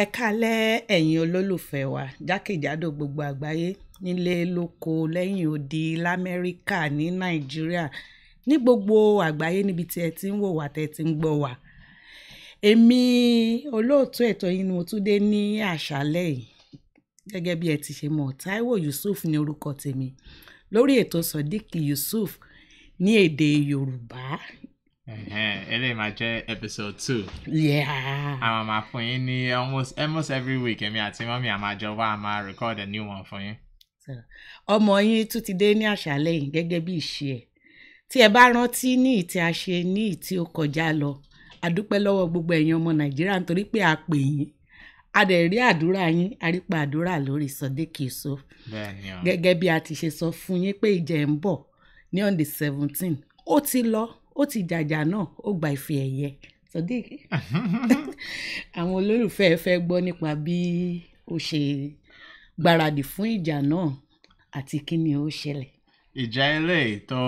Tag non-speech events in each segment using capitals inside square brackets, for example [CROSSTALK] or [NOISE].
ẹ kálẹ́ ẹ̀yin olólùfẹ́ wa jákèjádò gbogbo àgbáyé nílé lóko lẹ́yìn odi l'Amẹ́ríkà ní Nàìjíríà ní gbogbo àgbáyé níbi tí ẹ ti ń wò wá tẹ́ ti ń gbọ́ wá èmi olóòtú ètò yìí ni mo tún dé ní àṣálẹ́ yìí gẹ́gẹ́ bí ẹ ti ṣe mọ̀ Táíwò Yusuf ní orúkọ tèmi lórí ètò Sodiq Yusuf ní èdè Yorùbá Uh-huh. Ele máa jẹ́ episode two. Yeah. Àwọn máa fún yín ní almost almost every week èmi àti mọ́mí àmàjọ wa máa record a new one fún yín. Ọmọ yín tún ti dé ní àṣálẹ́ yìí gẹ́gẹ́ bí ìṣe ẹ̀. Tí ẹ bá rántí ní ìtí a ṣe ní ìtí ó kọjá lọ, a dúpẹ́ lọ́wọ́ gbogbo ẹ̀yin ọmọ Nàìjíríà nítorí pé a pè yín. A dẹ̀ rí àdúrà yín, a rí pa àdúrà lórí Sọdékèso. Bẹ́ẹ̀ni o. Gẹ́gẹ́ bí a ti ṣe sọ fún yín pé ìjẹ́ ń bọ̀ ní on the seventeen. Ó ti lọ ó ti jàjà náà ó gba ìfẹ́ ẹ̀yẹ Sodiq [LAUGHS] àwọn olólùfẹ́ fẹ́ gbọ́ nípa bí ó ṣe gbáradì fún ìjà náà àti kí ni ó ṣẹlẹ̀. ìjà eléyìí tó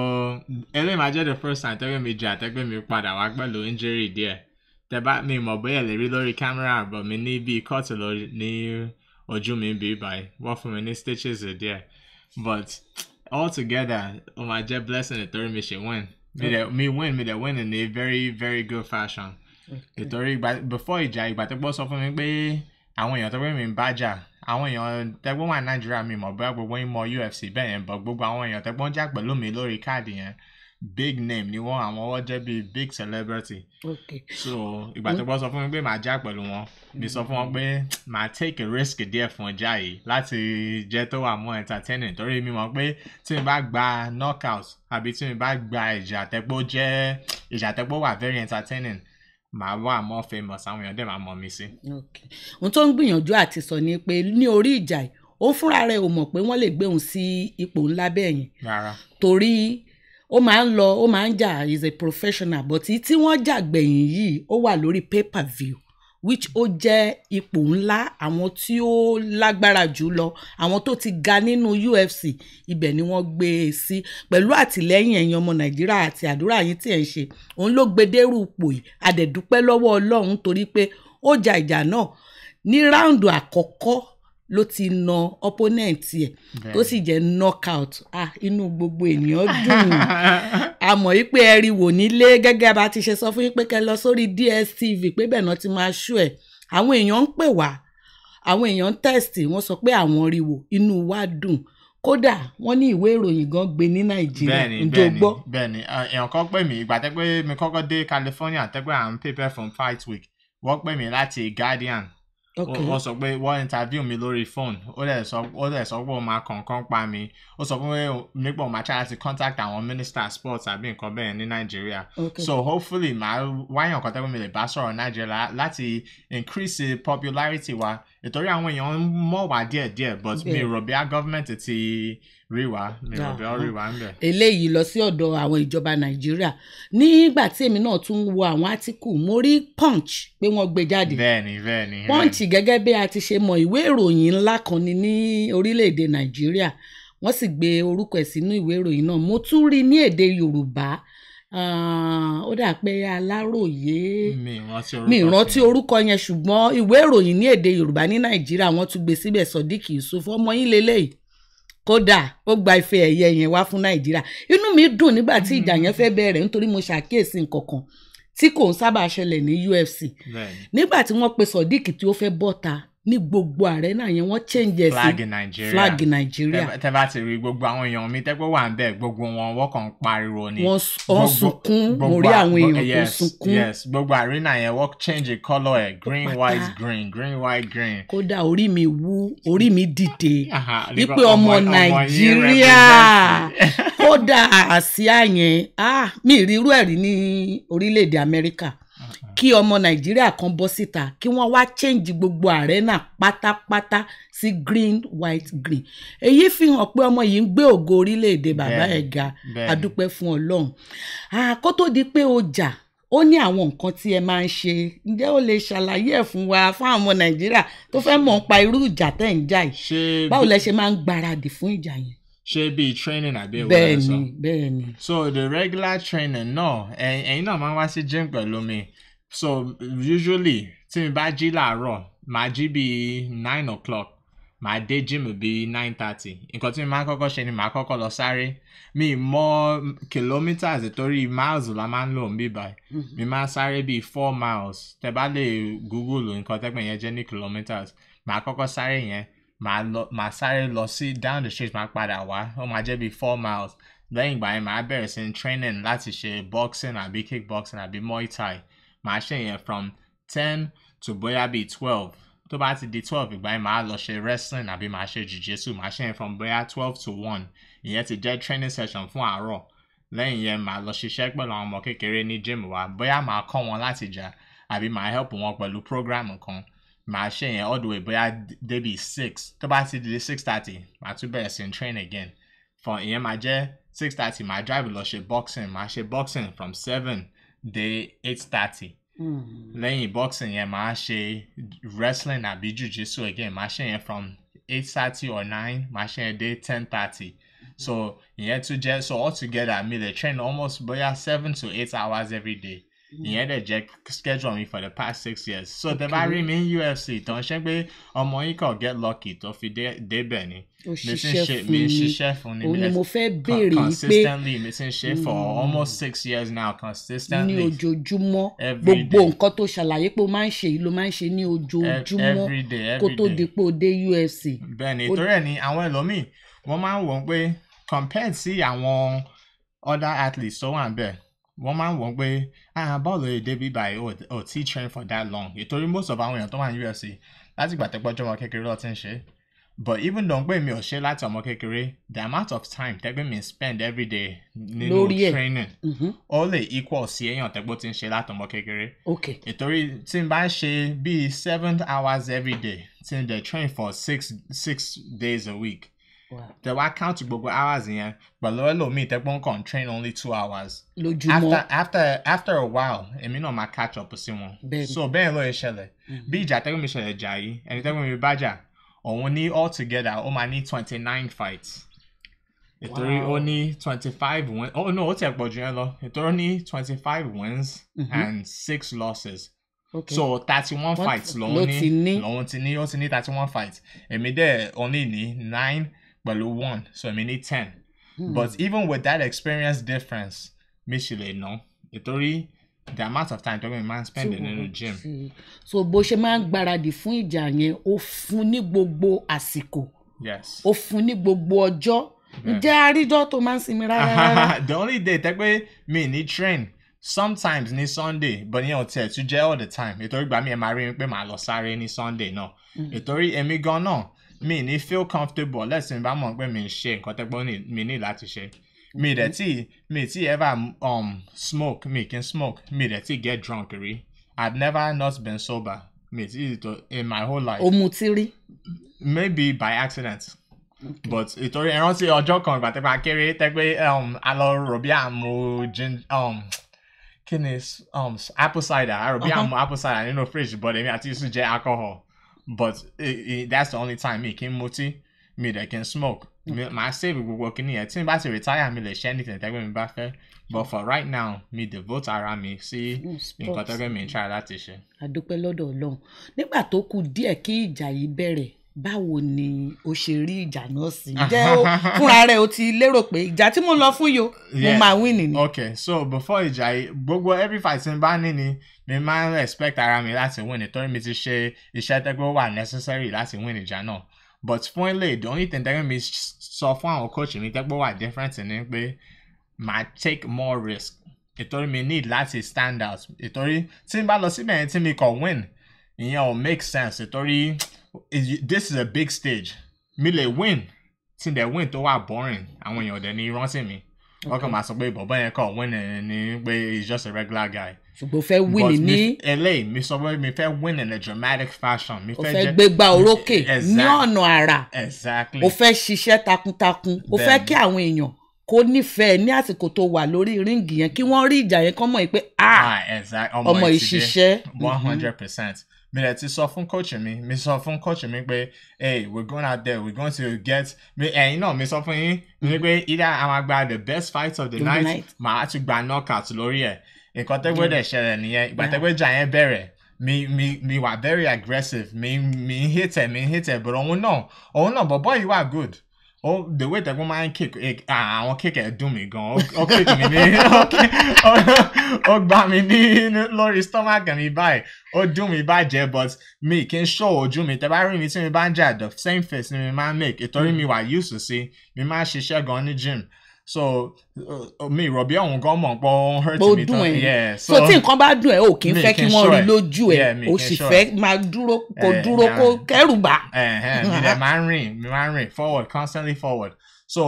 eléyìí máa jẹ́ the first time tẹ́gbẹ́ mi jà tẹ́gbẹ́ mi padà wá pẹ̀lú injury díẹ̀ tẹ́bá mi mọ̀ bóyá lè rí lórí kámẹ́rà àbọ̀ mi ní bíi kọ́ọ̀tù ní ojú mi bí báyìí wọ́n fún mi ní stitches díẹ̀ but all together ó máa jẹ́ blessing nítorí mi ṣe win. Me that made win, me that win in a very, very good fashion. The but before he jack, but the boss of him, I want you to win in Baja. I want you on that woman, drive me, more, my brother, win more UFC, Ben, but I want you That one Jack, but me Lumi, Lori, Cardian. big name ni wọ́n àwọn wọ́n jẹ́ bíi big celebrity. Okay. so ìgbà tó bọ́ sọ fún mi pé màá já pẹ̀lú wọn mm. mi sọ fún wọn pé màá take a risk díẹ̀ fún ọjà yìí láti jẹ́ tó wà mọ́ entertaining torí mi mọ̀ pé tí mi bá gba knockout àbí tí mi bá gba ìjà àtẹ́gbó jẹ́ ìjà àtẹ́gbó wà very entertaining màá wà mọ́ famous àwọn èèyàn dẹ̀ máa mọ̀ mi sí. Okay. ohun tó ń gbìyànjú àti sọ ni pé ní orí ìjà yìí ó fúnra rẹ̀ ò mọ̀ pé wọ́n lè gbé òun sí ipò ńlá bẹ́ẹ̀ yẹn. rárá torí ó máa ń lọ ó máa ń jà is a professional but tí wọ́n jà gbẹ̀yìn yìí ó wà lórí pay per view which ó jẹ́ ipò ńlá àwọn tí ó lágbára jù lọ àwọn tó ti ga nínú UFC ibẹ̀ ni wọ́n gbé e sí pẹ̀lú àtìlẹ́yìn ẹ̀yin ọmọ nàìjíríà àti àdúrà yín tí ẹ̀ ń ṣe òun ló gbedérú ipò yìí àdẹ̀dúpẹ́ lọ́wọ́ ọlọ́run torí pé ó ja ìjà náà ní ráùndù àkọ́kọ́ ló ti na opponent ẹ̀ tó sì jẹ́ knockout ah inú gbogbo ènìyàn dùn a mọ̀ yí pé ẹ rí wò nílé gẹ́gẹ́ bá ti ṣe sọ fún yín pé kẹ́ lọ sórí DSTV pé bẹ́ẹ̀ náà ti máa ṣú ẹ̀ àwọn èèyàn ń pè wá àwọn èèyàn ń tẹ̀sì wọ́n sọ pé àwọn rí wò inú wa dùn kódà wọ́n ní ìwé ìròyìn gan gbé ní nàìjíríà ǹjẹ́ o gbọ́. bẹ́ẹ̀ni èèyàn kan pè mí ìgbà tẹpẹ mi kọ́kọ́ dé California tẹpẹ à ń paper fún fight week wọ́n pè mí láti Guardian ó sọ pé wọ́n interview mi Lori phone ó dẹ̀ sọ ó dẹ̀ sọ pé ó máa kọ̀ọ̀kan pa mi ó sọ pé nígbà màá ṣáà ti contact àwọn minister of sports àbí nǹkan bẹ́ẹ̀ Nigeria. Okay. so hopefully màá wáyàn kan tẹ́gbọ́n mi lè bá sọ̀rọ̀ Nàìjíríà láti increase the popularity wa nítorí àwọn èèyàn ń mọ̀ wá díẹ̀ díẹ̀ but mi rò bí a government ti rí wá mi rò ah, bí ó rí wá ń bẹ̀. eléyìí lọ sí ọ̀dọ̀ àwọn ìjọba nàìjíríà nígbà tí èmi náà tún wo àwọn átíkù mo rí punch pé wọ́n gbé jáde bẹ́ẹ̀ni bẹ́ẹ̀ni punch gẹ́gẹ́ bí a ti ṣe mọ̀ ìwé ìròyìn ńlá kan ni ní orílẹ̀-èdè nàìjíríà wọ́n sì gbé orúkọ ẹ̀ sínú ìwé ìròyìn náà mo tún rí ní èdè yorùbá ó dà pé aláròyé mi ìrántí orúkọ yẹn ṣùgbọ́n ìwé ìròyìn ní èdè yorùbá ní nàìjíríà wọ́n tún gbé síbẹ̀ sodiq yusuf ọmọ yín lélẹ́yìí kódà ó gba ife ẹ̀yẹ yẹn wá fún nàìjíríà inú mi dùn nígbà tí ìjà yẹn fẹ́ bẹ̀rẹ̀ nítorí mo ṣàkíyèsí nǹkan kan tí kò ń sábà ṣẹlẹ̀ ní ufc nígbà tí wọ́n pe sodiq tí ó fẹ́ bọ́ta ní gbogbo arena yẹn wọ́n change sí flag Nigeria tẹ bá ti rí gbogbo àwọn èèyàn mi tẹ́gbọ́ wà ń bẹ̀ gbogbo wọn wọ́n kàn ń pariwo ni wọ́n sunkún mo rí àwọn èèyàn tó sunkún yes gbogbo arena yẹn wọ́n change colour ẹ̀ green white green green white green. kódà orí mi wú orí mi dìde wípé ọmọ Nàìjíríà [LAUGHS] kódà àsíá yẹn ah, mi rí irú ẹ̀ rí ní orílẹ̀-èdè Amẹ́ríkà kí ọmọ nàìjíríà kan bọ́ síta kí wọ́n wá change gbogbo arena pátápátá sí green white green èyí fi hàn pé ọmọ yìí ń gbé ògo orílẹ̀-èdè bàbá ẹ̀ ga adúpẹ́ fún ọlọ́run kó tó di pé ó jà ó ní àwọn nǹkan tí ẹ máa ń ṣe ǹjẹ́ ó lè ṣàlàyé ẹ̀ fún wa fún àwọn ọmọ nàìjíríà tó fẹ́ mọ̀ nípa irú ìjà tẹ̀ ń jà yìí báwo lẹ ṣe máa ń gbáradì fún ìjà yẹn ṣe bíi training àbí ìwé rẹ sọ bẹ́ẹ̀ni bẹ́ẹ̀ni. so the regular training náà ẹ̀yin náà máa ń wá sí gym pẹ̀lú mi so usually tí mi bá jí làárọ̀ màá jí bí nine o'clock màá dé gym bí nine thirty nǹkan tí mi máa ń kọ́kọ́ ṣe ni màá kọ́kọ́ lọ sáré mi mọ kilometres torí miles la máa ń lò ń bíbá mm-hmm. mi máa sáré bí four miles tẹ bá lè google nǹkan tẹ́gbẹ̀ yẹn jẹ́ ní kilometres màá kọ́kọ́ sáré yẹn màá lọ màá sáré lọ sí down the street màá padà wá ó máa jẹ́ bí four miles lẹ́yìn ìgbà yẹn màá bẹ̀rẹ̀ sí training láti ṣe boxing àbí kickboxing àbí muay thai màá ṣe yẹn from ten to bóyá bíi twelve tó bá ti di twelve ìgbà yẹn màá lọ ṣe wrestling àbí màá ṣe jujitsu màá ṣe yẹn from bóyá twelve to one ìyẹn ti jẹ́ training session fún àárọ̀ lẹ́yìn yẹn màá lọ ṣiṣẹ́ pẹ̀lú àwọn ọmọ kékeré ní gym wa bóyá màá kọ́ wọn láti jà àbí màá help wọn pẹ̀lú program kan màá ṣe yẹn all the way bóyá débi six tó bá ti di six thirty màá tún bẹ̀rẹ̀ sí train again for ìyẹn màá jẹ́ six thirty màá drive lọ ṣe boxing màá ṣe boxing from seven day 8:30 hmm. lẹ́yìn boxing yẹn màá ṣe wrestling àbí jujitsu again màá ṣe yẹn from eight thirty or nine màá ṣe yẹn dé ten thirty so ìyẹn tún jẹ́ so altogether mean, they train almost bóyá seven to eight hours every day. ìyẹn hmm. dẹ̀ jẹ́ schedule mi for the past six years so the bá rí mi ní UFC tán ṣé pé ọmọ yín kàn get lucky tó fi débẹ̀ ni mi ń ṣiṣẹ́ fún ni mi mo fẹ́ consistently mi ti ń ṣe for hmm. almost six years now consistently ní ojoojúmọ́ gbogbo nǹkan tó ṣàlàyé pé o máa ń ṣe yìí ló máa ń ṣe ní ojoojúmọ́ kó tó di pé o dé UFC. bẹ́ẹ̀ni torí ẹ̀ ni àwọn ẹlòmíì wọ́n máa ń wọ̀ pé compared sí àwọn other athletes tó wà ń bẹ̀ wọ́n máa ń wọ̀ pé ah bọ́ọ̀lù èdè bíbá yìí ò tí ì train for that long ìtorí most of àwọn èèyàn tó wà ní UFC láti ìgbà tẹ́gbọ́jọ́ ọmọ kékeré lọ́ọ́ ti ń ṣe but even though pé mi ò ṣe láti ọmọ kékeré the amount of time tẹ́gbẹ́ mi spend every day nínú no training All mm-hmm. the equal sí èèyàn tẹ́gbọ́ ti ń ṣe láti ọmọ kékeré ìtorí tí n bá ṣe bíi seven hours every day tí n dey train for six six days a week tẹ wá count gbogbo hours in, but yẹn me. ẹlòmíì tẹ́gbọ́n kàn train only two hours. after after after a while and me náà my catch up sí simon. so bẹ́ẹ̀ ló yẹ be mm-hmm. bí ìjà tẹ́gbọ́n mi ṣẹlẹ̀ jà yìí ẹni tẹ́gbọ́n mi bá jà òun ní all together ó máa ní twenty nine fights It only twenty five wins oh no ó tẹ̀ pọ̀ jù yẹn lọ twenty five wins mm-hmm. and six losses okay. so thirty one fights lòun only lòun ti ní ó ti ní thirty one fights And me there only ní nine pẹ̀lú one so èmi ní ten hmm. but even with that experience difference mi sì lè ná nítorí the amount of time tọ́gbìn máa ń spend nínú gym. so bó ṣe máa ń gbáradì fún ìjà yẹn ó fún ní gbogbo àsìkò ó fún ní gbogbo ọjọ́ ǹjẹ́ àríjọ́ tó máa ń sinmi rárá [LAUGHS] the only day tẹ́ pé mi ní train sometimes ní sunday but yẹn ò tiẹ̀ tún jẹ́ all the time nítorí gbàmí ẹ̀ máa rí mi pé màá lọ sáré ní sunday náà hmm. nítorí èmi gan náà mi ní feel comfortable lẹ́sìn bá mọ̀ pé mi ń ṣe nǹkan tẹ́gbọ́n mi ní láti ṣe mi dẹ̀ mm-hmm. tí mi tí ever um, smoke mi kì smoke mi dẹ̀ tí get drunk rí I've never not been sober mi tí in my whole life. òmùtí rí. maybe by accident. Okay. but ìtorí ẹ rántí ọjọ́ kan ìgbà tẹ́pẹ́ akéré tẹ́pẹ́ um, a lọ rò bí àmú um, kí ni um, apple cider a rò bí uh-huh. àmú apple cider nínú fridge but èmi àti yusuf jẹ alcohol but it, it, that's the only time me kì í mutí mi dẹ̀ kì í smoke mm. màá save gbogbo kìíní yẹn tí n bá ti retire mi lè ṣe anything tẹ́gbẹ́ mi bá fẹ́ but for right now mi devote ara mi sí nǹkan tẹ́gbẹ́ mi ń try láti ṣe. àdúpẹ́ lọ́dọ̀ ọlọ́run nígbà tó kù díẹ̀ kí ìjà yìí bẹ̀rẹ̀ báwo ni o ṣe rí ìjà náà sí [LAUGHS] jẹ́ o fúnra rẹ̀ o ti lérò pé ìjà tí mo lọ fún yo mo máa win ni. ok so before ìjà yìí gbogbo every fight tí n bá ní ni mi máa ń respect ara mi láti win nítorí mi ti ṣe iṣẹ́ tẹ́gbẹ́ wà necessary láti win ìjà náà but fún ilé the only thing tẹ́gbẹ́ mi sọ fún àwọn coach mi tẹ́gbẹ́ wà different ni pé ma take more risk nítorí mi need láti stand out nítorí tí n bá lọ síbẹ̀ yẹn tí mi kò win ìyẹn ò make sense nítorí is, this is a big stage mi le win tí n dẹ̀ win tó wà boring àwọn èèyàn dẹ̀ ni rántí mi wọ́n kàn máa sọ pé bọ̀bọ́ yẹn kàn win ni pé he's just a regular guy. ṣùgbọ́n fẹ́ win ní. eléyìí mi sọ pé mi fẹ́ win in a dramatic fashion. mi fẹ́ jẹ́ o fẹ́ gbégbá orókè ní ọ̀nà àrà. exactly. o fẹ́ ṣiṣẹ́ takuntakun o fẹ́ kí àwọn èèyàn kó nífẹ̀ẹ́ ní àsìkò tó wà lórí ríǹgì yẹn kí wọ́n rí ìjà yẹn kán mọ̀ pé ah, ah ọmọ ìṣiṣẹ́. one hundred mm-hmm. percent mi rẹ̀ ti sọ fún coach mi mi sọ fún coach mi pé hey we going out there we going to get mi ẹ̀yin náà mi sọ fún yín mi pé mm-hmm. either a máa gba the best fight of the night, night. màá tún gba knockout lórí ẹ̀ nǹkan tẹ́gbẹ́ dẹ̀ ṣẹlẹ̀ nìyẹn ìgbà tẹ́gbẹ́ jà yẹn bẹ̀rẹ̀ mi mi mi wà very aggressive mi mi hit ẹ mi hit ẹ but òun náà òun náà boy, you are good oh, the way that wọ́n máa ń kick eh, ah, àwọn kick it. Do me gan ó kick mi ní oh, gbá me ní lórí stomach can báyìí ó Oh, do me but mi kì Me can show. Do me. bá rí me. tí mi bá ń jà the same face Me man máa ń make ìtorí hmm. mi wà used to See, me man ń ṣiṣẹ́ gan the gym so uh, mi rọ bí àwọn gan mọ̀ pé ó hurt me mi tán yeah so so tí nǹkan bá dùn ẹ ò kì í fẹ́ kí wọ́n rí lójú ẹ o sì fẹ́ máa dúró kó eh, dúró kó kẹ́rù bà. Eh, eh, mi dẹ̀ máa ń rìn mi máa ń rìn forward constantly forward so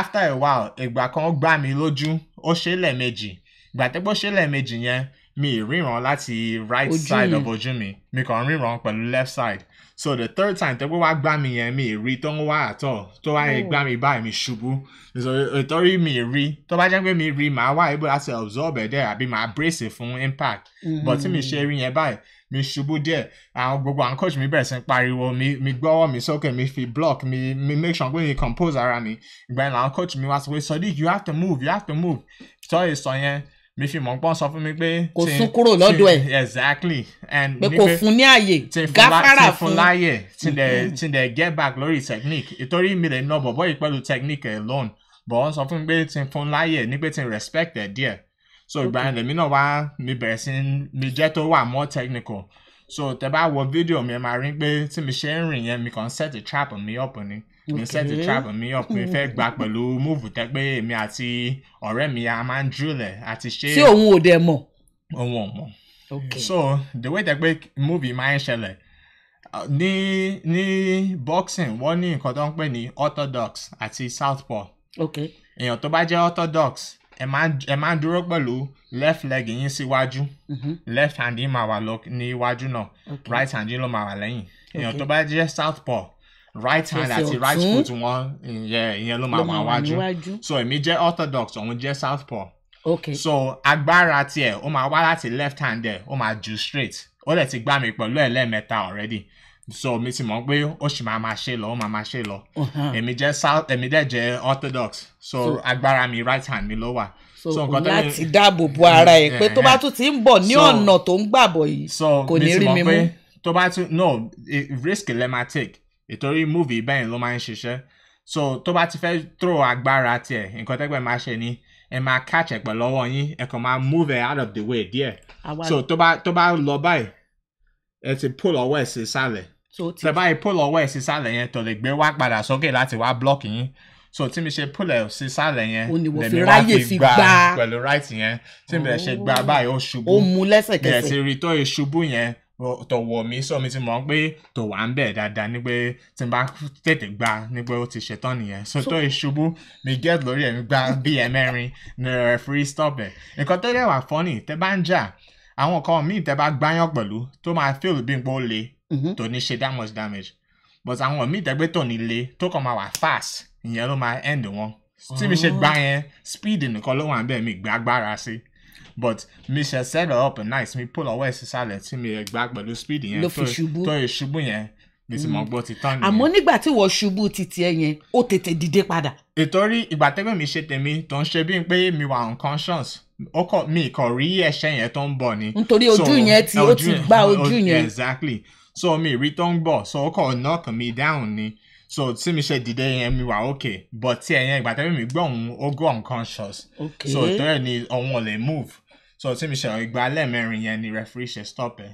after a while ìgbà kan ó gbá mi lójú ó ṣe é lẹ́ẹ̀mejì ìgbà tẹ́gbọ́ ṣe é lẹ́ẹ̀mejì yẹn mi ríran láti right Oji. side of ojú mi mi kàn ríran pẹ̀lú left side so the third time tẹ́gbẹ́ wá gbá mi yẹn mi rí tó ń wá àtọ̀ tó wá yẹn oh. gbá mi báyìí mi ṣubú nítorí eh, mi rí tó bá jẹ́ pé mi rí màá wá able láti absorb ẹ̀ dẹ̀ àbí màá brace fún impact mm-hmm. but tí mi ṣe rí yẹn báyìí mi ṣubú díẹ̀ àwọn gbogbo àwọn coach mi bẹ̀rẹ̀ sí ń pariwo mi mi gbọ́wọ́ mi sókè mi fi block mi mi make sure pé mi compose ara mi ìgbà yẹn làwọn coach mi wá sọ pé Sodiq you have to move you have to move tọ́ èso yẹn mi fi mọ̀ pọ́n sọ fún mi pé. kò sún kúrò lọ́dọ̀ ẹ̀. exactly and ni pé kò fún ní àyè gáfárà fún. ti fún láyè ti mm-hmm. dẹ̀ get back lórí technique ìtorí mi lè nà bọ̀bọ̀ yìí pẹ̀lú technique alone But wọ́n sọ fún mi pé ti fún láyè ni pé ti respect ẹ̀ díẹ̀ so ìgbà yẹn lèmi náà wá mi bẹ̀rẹ̀ sí mi jẹ́ tó wà more technical so tẹ bá wo fídíò mi ẹ máa rí pé tí mi ṣe ń rìn yẹn mi kàn set the trap mi up ni ní sẹ́ẹ̀tì trap mi yàn pé fẹ́ gba pẹ̀lú múùfù tẹ́ pé èmi àti ọ̀rẹ́ mi a máa ń drillẹ̀ àti ṣe. tí òun ò dẹ̀ mọ̀. òun ò mọ̀. so the way tẹ́ pé movie máa ń ṣẹlẹ̀ ní ní boxing wọ́n ní nǹkan tó ń pè ní orthodox àti southpaw. okay. èèyàn tó bá jẹ́ orthodox ẹ máa ń dúró pẹ̀lú left leg yín síwájú mhm. left hand yín máa wà níwájú náà right hand yín ló máa wà lẹ́yìn èèyàn tó bá jẹ́ southpaw right hand àti right foot wọn ìyẹn ìyẹn ló máa wà wájú so èmi jẹ́ orthodox òun jẹ́ southpaw okay so agbára tiẹ̀ ó máa wá láti left hand ẹ̀ ó máa ju straight ó dẹ̀ ti gbá mi pẹ̀lú ẹ̀ already so mi ti mọ̀ pé ó sì máa ma ṣe lọ ó máa ma ṣe lọ uh-huh. èmi jẹ́ south èmi dẹ̀ jẹ́ orthodox so, so agbára mi right hand mi ló wà. so nǹkan tó ní láti dáàbò bo ara ẹ pé tó bá tún ti ń bọ̀ ní ọ̀nà tó ń gbàbọ̀ yìí kò ní rí mi mú. so mi ti mọ̀ pé tó bá tún no risk lè máa take ìtorí movie bẹ́ẹ̀ ló máa ń ṣiṣẹ́ so tó bá ti fẹ́ throw agbára tiẹ̀ nǹkan tẹ́gbẹ́ máa ṣe ni ẹ máa catch ẹ̀ pẹ̀lú ọwọ́ yín ẹ kàn máa move it out of the way díẹ̀ so tó bá tó bá lọ báyìí ẹ ti pull ọwọ́ ẹ̀ sí sálẹ̀ tẹ báyìí pull ọwọ́ ẹ̀ sí sálẹ̀ yẹn tó lè gbé wá padà sókè láti wá block yín so tí mi ṣe pull ẹ̀ sí sálẹ̀ yẹn lèmi wá fi gbà pẹ̀lú right yẹn tí mi ṣe gbà báyìí ó ṣubú ó mu lẹ́sẹ̀kẹsẹ̀ bẹ̀ẹ̀ ti tọ̀wọ̀ mi sọ mi ti mọ̀ pé tò wá ń bẹ̀ dáadáa ni pé tí n bá tètè gba ni pé ó ti ṣetán nìyẹn so tó ìṣubú mi get lórí ẹ̀mí gba bí ẹ̀mẹ́rin ni referee stop ẹ̀ nǹkan tó dẹ̀ wà funny tẹ́ bá ń jà àwọn kan míì tẹ́ bá gbáyàn pẹ̀lú tó máa feel bí n pé ó le mm-hmm. tó ní ṣe that much damage but àwọn míì tẹ́ gbé tò ní le tó kàn máa wà fast ìyẹn ló máa end wọn tí mi ṣe gbá yẹn speed nìkan ló wà ń bẹ̀ mi gbàgbára sí but mi ṣe set up nice mi pull ọwọ́ ẹ̀ sísàlẹ̀ tí mi ẹ̀ gbá pẹ̀lú speed yẹn ló fi ṣubú tó ìṣubú yẹn mi ti mọ̀ gbọ́ mm. ti tán nìyẹn. àmọ́ nígbà tí wọ́n ṣubú títí ẹ yẹn ó tètè dìde padà. ìtorí ìgbà tẹ́gbẹ́ mi ṣe tèmi tó ń ṣe bíi pé mi wà unconscious ọkọ mi kò rí ẹ̀ṣẹ̀ yẹn tó ń bọ̀ ni. nítorí ojú yẹn ti ó ti gba ojú yẹn. exactly so mi rí tó ń bọ̀ so ọkọ knock me down ni so tí mi ṣe dìde yẹn mi wà okay but tí ẹ yẹn ìgbà tẹ́gbẹ́ mi gbọ́ òun ó go unconscious. okay so tẹ́lẹ̀ ni òun ò lè move so tí mi ṣe ìgbà lẹ́ẹ̀mẹrin yẹn ni referee ṣe stop ẹ̀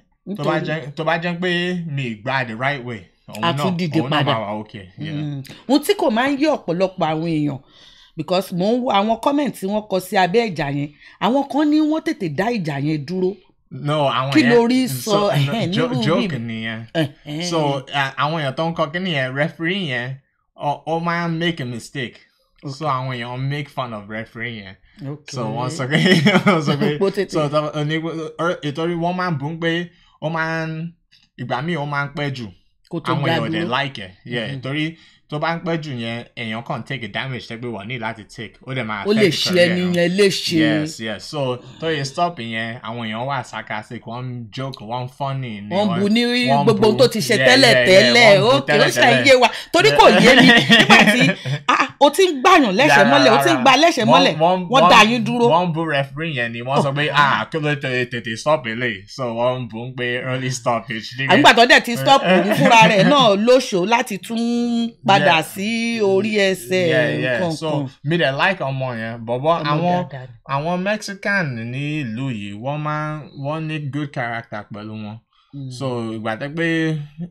tó bá jẹ́ pé mi gba the right way àti dìde padà mm. ohun tí kò máa ń yé ọ̀pọ̀lọpọ̀ àwọn èèyàn because mo ń wo àwọn comment tí wọ́n kọ sí abẹ́ ìjà yẹn àwọn kan ní wọ́n tètè dá ìjà yẹn dúró no àwọn yẹn kí lórí sọ [LAUGHS] nírú joke nìyẹn so àwọn èèyàn tó ń kọ kíni yẹn referee yẹn ó máa ń make a mistake so àwọn èèyàn make fun of referee yẹn Okay. so wọ́n sọ pé [LAUGHS] wọ́n sọ pé so ní ètò orí wọ́n máa ń bù ń pé wọ́n máa ń ìgbà míì wọ́n máa ń pẹ́ jù àwọn èèyàn dẹ̀ láìkẹ̀ mm-hmm. torí tó bá ń pẹ́ jù yẹn èèyàn kàn take a damage tẹ́gbẹ́ wọ̀ ní láti take ó dẹ̀ máa affect career ó lè ṣe ẹni yẹn lè ṣe yes yes so tó yẹ stop yẹn àwọn èèyàn wà sarcastic wọ́n joke wọ́n funny ni wọ́n bu ní gbogbo tó ti ṣe tẹ́lẹ̀ tẹ́lẹ̀ ok ó ṣàyẹ wa torí kò yé mi nígbà tí [LAUGHS] ah, o ti ń gbàyàn lẹ́sẹ̀ mọ́lẹ̀ o ti ń gba lẹ́sẹ̀ mọ́lẹ̀ wọ́n dá yín dúró. wọ́n bu referee yẹn ni wọ́n sọ pé oh. ah kí ló tètè stop eléyìí so wọ́n bu ń pe early stoppage. àgbàdo dẹ̀ ti stop òun [LAUGHS] fúnra rẹ̀ náà lóṣòó láti tún padà padà sí orí ẹsẹ̀ nǹkan kan. mi dẹ̀ like ọmọ yẹn bọ̀bọ̀ àwọn àwọn Mexican ní ìlú yìí wọ́n máa wọ́n ní good character pẹ̀lú wọn. Mm. so ìgbà tẹ pé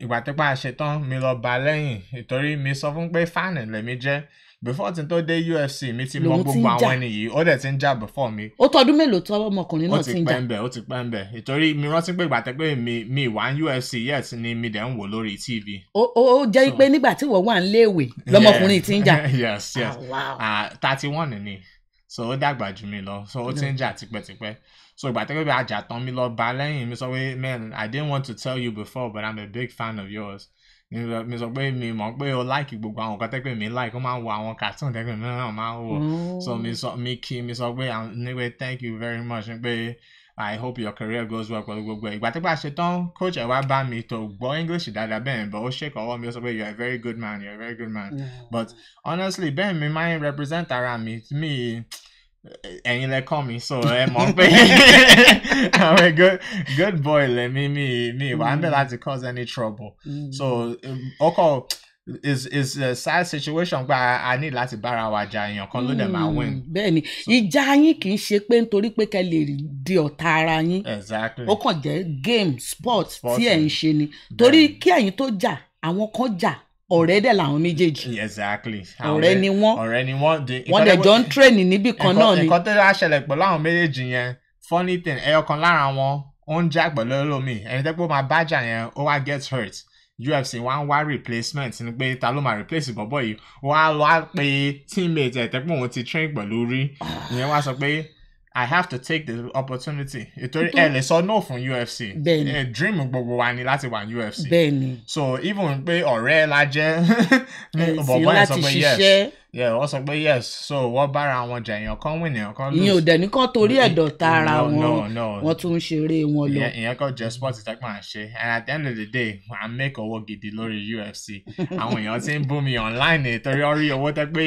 ìgbà tẹ pé a ṣetán mi lọ bá lẹ́yìn ìtorí mi sọ fún pé fáànì lèmi jẹ́ before ti n tó dé UFC mi ti mọ gbogbo àwọn ẹni yìí ó ti ń jà before mi. ó tọdún mélòó tó ọmọkùnrin náà ti ń jà. ó ti pẹ́ ń bẹ̀ ó ti pẹ́ ń bẹ̀ ìtorí mi rántí pé ìgbà tẹ́ pé mi mi wà ní UFC yes ni mi dẹ̀ ń wò lórí TV. ó ó jẹ́ pé nígbà tí wọ́n wà ń léèwé lọ́mọkùnrin ti ń jà. [LAUGHS] yes yes ah, ah, thirty one ni so ó dàgbà jù mí lọ so ó ti ń jà tipẹ́tipẹ́ so ìgbà tẹ́ pé àjà tán mi lọ bá lẹ́yìn mi sọ pé man I didn't want to tell you before but I'm a big fan of yours. mi sọ pé mi mọ̀ pé o like gbogbo àwọn nǹkan tẹ́pẹ́ mi like ó máa ń wo àwọn cartoon tẹ́pẹ́ mi náà máa wò so mi sọ mi kí mi sọ pé nígbà thank you very much pé I hope your career goes well pẹ̀lú gbogbo ẹ̀. Ìgbà tí gbà ṣe tán, coach ẹ̀ wá bá mi tó gbọ́ English dáadáa bẹ́ẹ̀ but ó ṣèkọ̀ ọwọ́ mi ó sọ pé you are a very good man you are a very good man. Yeah. But honestly bẹ́ẹ̀ mi máa ń represent ara mi mi. ẹ̀yin lẹ kọ́ mi so ẹ mọ̀ [LAUGHS] pé [LAUGHS] àwọn good good boy lẹ mi mi mi wà ń bẹ̀ mm. láti cause any trouble mm. so ọkọ is is a sad situation gba a ní láti bára wa jà èèyàn kan ló dẹ̀ máa mm. win. bẹ́ẹ̀ni ìjà yín kì í ṣe pé nítorí pé kẹ́ lè di ọ̀tá ara yín ó kàn jẹ́ game sport tí ẹ̀ ń ṣe ni torí kí ẹ̀yin tó jà àwọn kan jà ọ̀rẹ́ dẹ̀ làwọn méjèèjì. exactly ọ̀rẹ́ ni wọ́n ọ̀rẹ́ ni wọ́n de. wọ́n dẹ̀ jọ ń tírẹ̀nì níbì kan náà ni. nǹkan tó dáa ṣẹlẹ̀ pẹ̀lú àwọn méjèèjì yẹn funny thing ẹyọ kan lára wọn ó ń jà pẹ̀lú olómi ẹni tẹ́ pé ó máa bájà yẹn ó wá get hurt UFC wá ń wá replacement ni pé ta ló máa replace bọ̀bọ̀ yìí wá lọ́ọ́ pé teammate ẹ̀ tẹ́ pé òun ti train pẹ̀lú rí ìyẹn wá sọ pé I have to take the opportunity. Ìtorí ẹ lè sọ no fún UFC. Bẹ́ẹ̀ni. Ẹ dream gbogbo wa ni láti wà ní UFC. Bẹ́ẹ̀ni. So even pé ọ̀rẹ́ la jẹ́. [LAUGHS] Bọ̀bọ̀ yẹn but pé yes. Yeah, wọ́n sọ pé yes so wọ́n bára wọn jà èèyàn kan win èèyàn kan lose. ìyẹn ò dẹ̀ ní kán torí ẹ̀dọ̀ ta ara wọn wọ́n tún ń ṣeré wọn lọ. ìyẹn kan jẹ́ sport tí à ń ṣe and at the end of the day I make owó gidi lórí UFC àwọn èèyàn ti ń bú mi online torí orí owó tẹ́ pé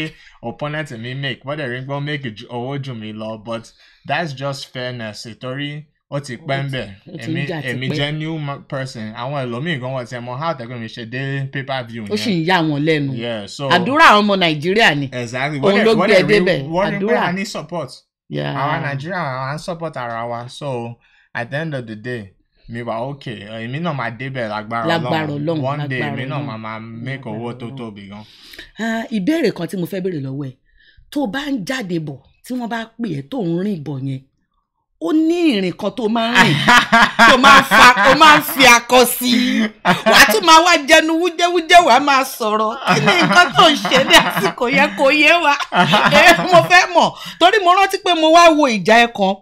opponent mi make wọ́n dẹ̀ rí gbọ́ make owó jù mí lọ but that's just fairness torí ó ti pẹ́ ń bẹ̀ èmi èmi jẹ́ new person àwọn ẹlòmíì gan wọ́n ti mọ how tẹ́gbẹ́ mi ṣe dé paper view yẹn. ó sì ń yà wọ́n lẹ́nu àdúrà àwọn ọmọ nàìjíríà ni òun ló gbé débẹ̀ àdúrà wọ́n ní support àwa nàìjíríà àwa ń support ara wa so at the end of the day mi wa ok èmi náà máa débẹ̀ lágbára ọlọ́run one day èmi náà máa máa make owó tó tóbi gan. Ah, ìbéèrè kan tí mo fẹ́ béèrè lọ́wọ́ ẹ̀ tó bá ń jáde bọ̀ tí wọ́n bá pè ẹ́ tó ń rìn bọ̀ yẹn ó ní ìrìn kan tó máa ń rìn tó máa ń fa tó máa ń fi akọ sí i wàá tún máa wá jẹnu wújẹwújẹ wàá máa sọ̀rọ̀ kí ni nǹkan tó ń ṣe ní àsìkò yẹn kò yé wa [LAUGHS] mo fẹ́ mọ̀ torí mo rántí pé mo wá wo ìjà ẹ̀ kan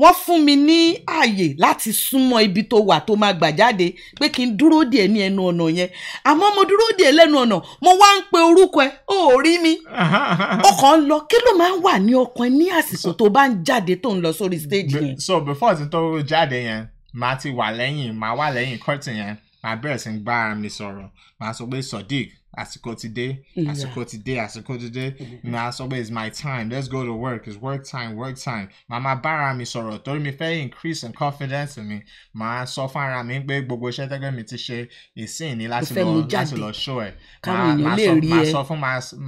wọ́n fún mi ní ààyè láti súnmọ́ ibi tó wà tó máa gbà jáde pé kí n dúró díẹ̀ ní ẹnu ọ̀nà yẹn àmọ́ mo dúró díẹ̀ lẹ́nu ọ̀nà mo wá ń pe orúkọ ẹ ó rí mi ọkàn [LAUGHS] ń lọ kí ló máa ń wà ní ọkàn ní àsìkò tó bá ń jáde tó ń lọ sórí stage yẹn. so before ti tó jáde yẹn màá ti wà lẹ́yìn màá wà lẹ́yìn curtain yẹn màá bẹ̀rẹ̀ sí gbá ara mi sọ̀rọ̀ màá sọ pé Sodiq àsìkò ti dé àsìkò ti dé àsìkò ti dé na as always my time let's go to work it's work time work time màmá bára mi sọ̀rọ̀ torí mi fẹ́ increase in confidence mi màá sọ fún ara mi pé gbogbo iṣẹ́ tẹ́gbẹ́ mi ti ṣe ìsìn ní láti lọ láti lọ show ẹ̀ màá sọ fún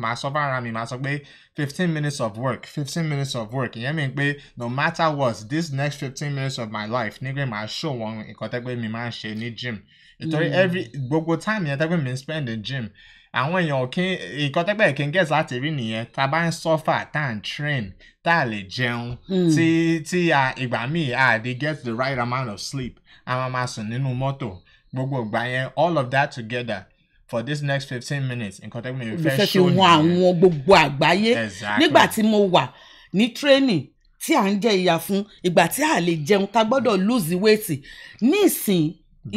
màá sọ fún ara mi màá sọ pé fifteen minutes of work fifteen minutes of work ìyẹn mi pé no matter what this next fifteen minutes of my life nígbà màá show wọn nǹkan tẹ́gbẹ́ mi máa ń ṣe ní gym ìtorí mm. every gbogbo time yẹn tẹ́gbẹ́ mi spend in gym àwọn èèyàn kí nǹkan tẹ́pẹ́ kí n gẹ̀ẹ́sì láti rí nìyẹn tá a bá ń suffer tá à ń train tá hmm. a lè jẹun tí tí ìgbà míì a dey get the right amount of sleep a máa máa sùn nínú mọ́tò gbogbo ìgbà yẹn all of that together for this next fifteen minutes nǹkan tẹ́pẹ́ mi fẹ́ show nìyẹn. mo fẹ́ fi wọn àwọn gbogbo àgbáyé nígbà tí mo wà ní training tí à ń jẹ ìyà fún ìgbà tí a lè jẹun tá gbọ́dọ̀ lose weight nísìn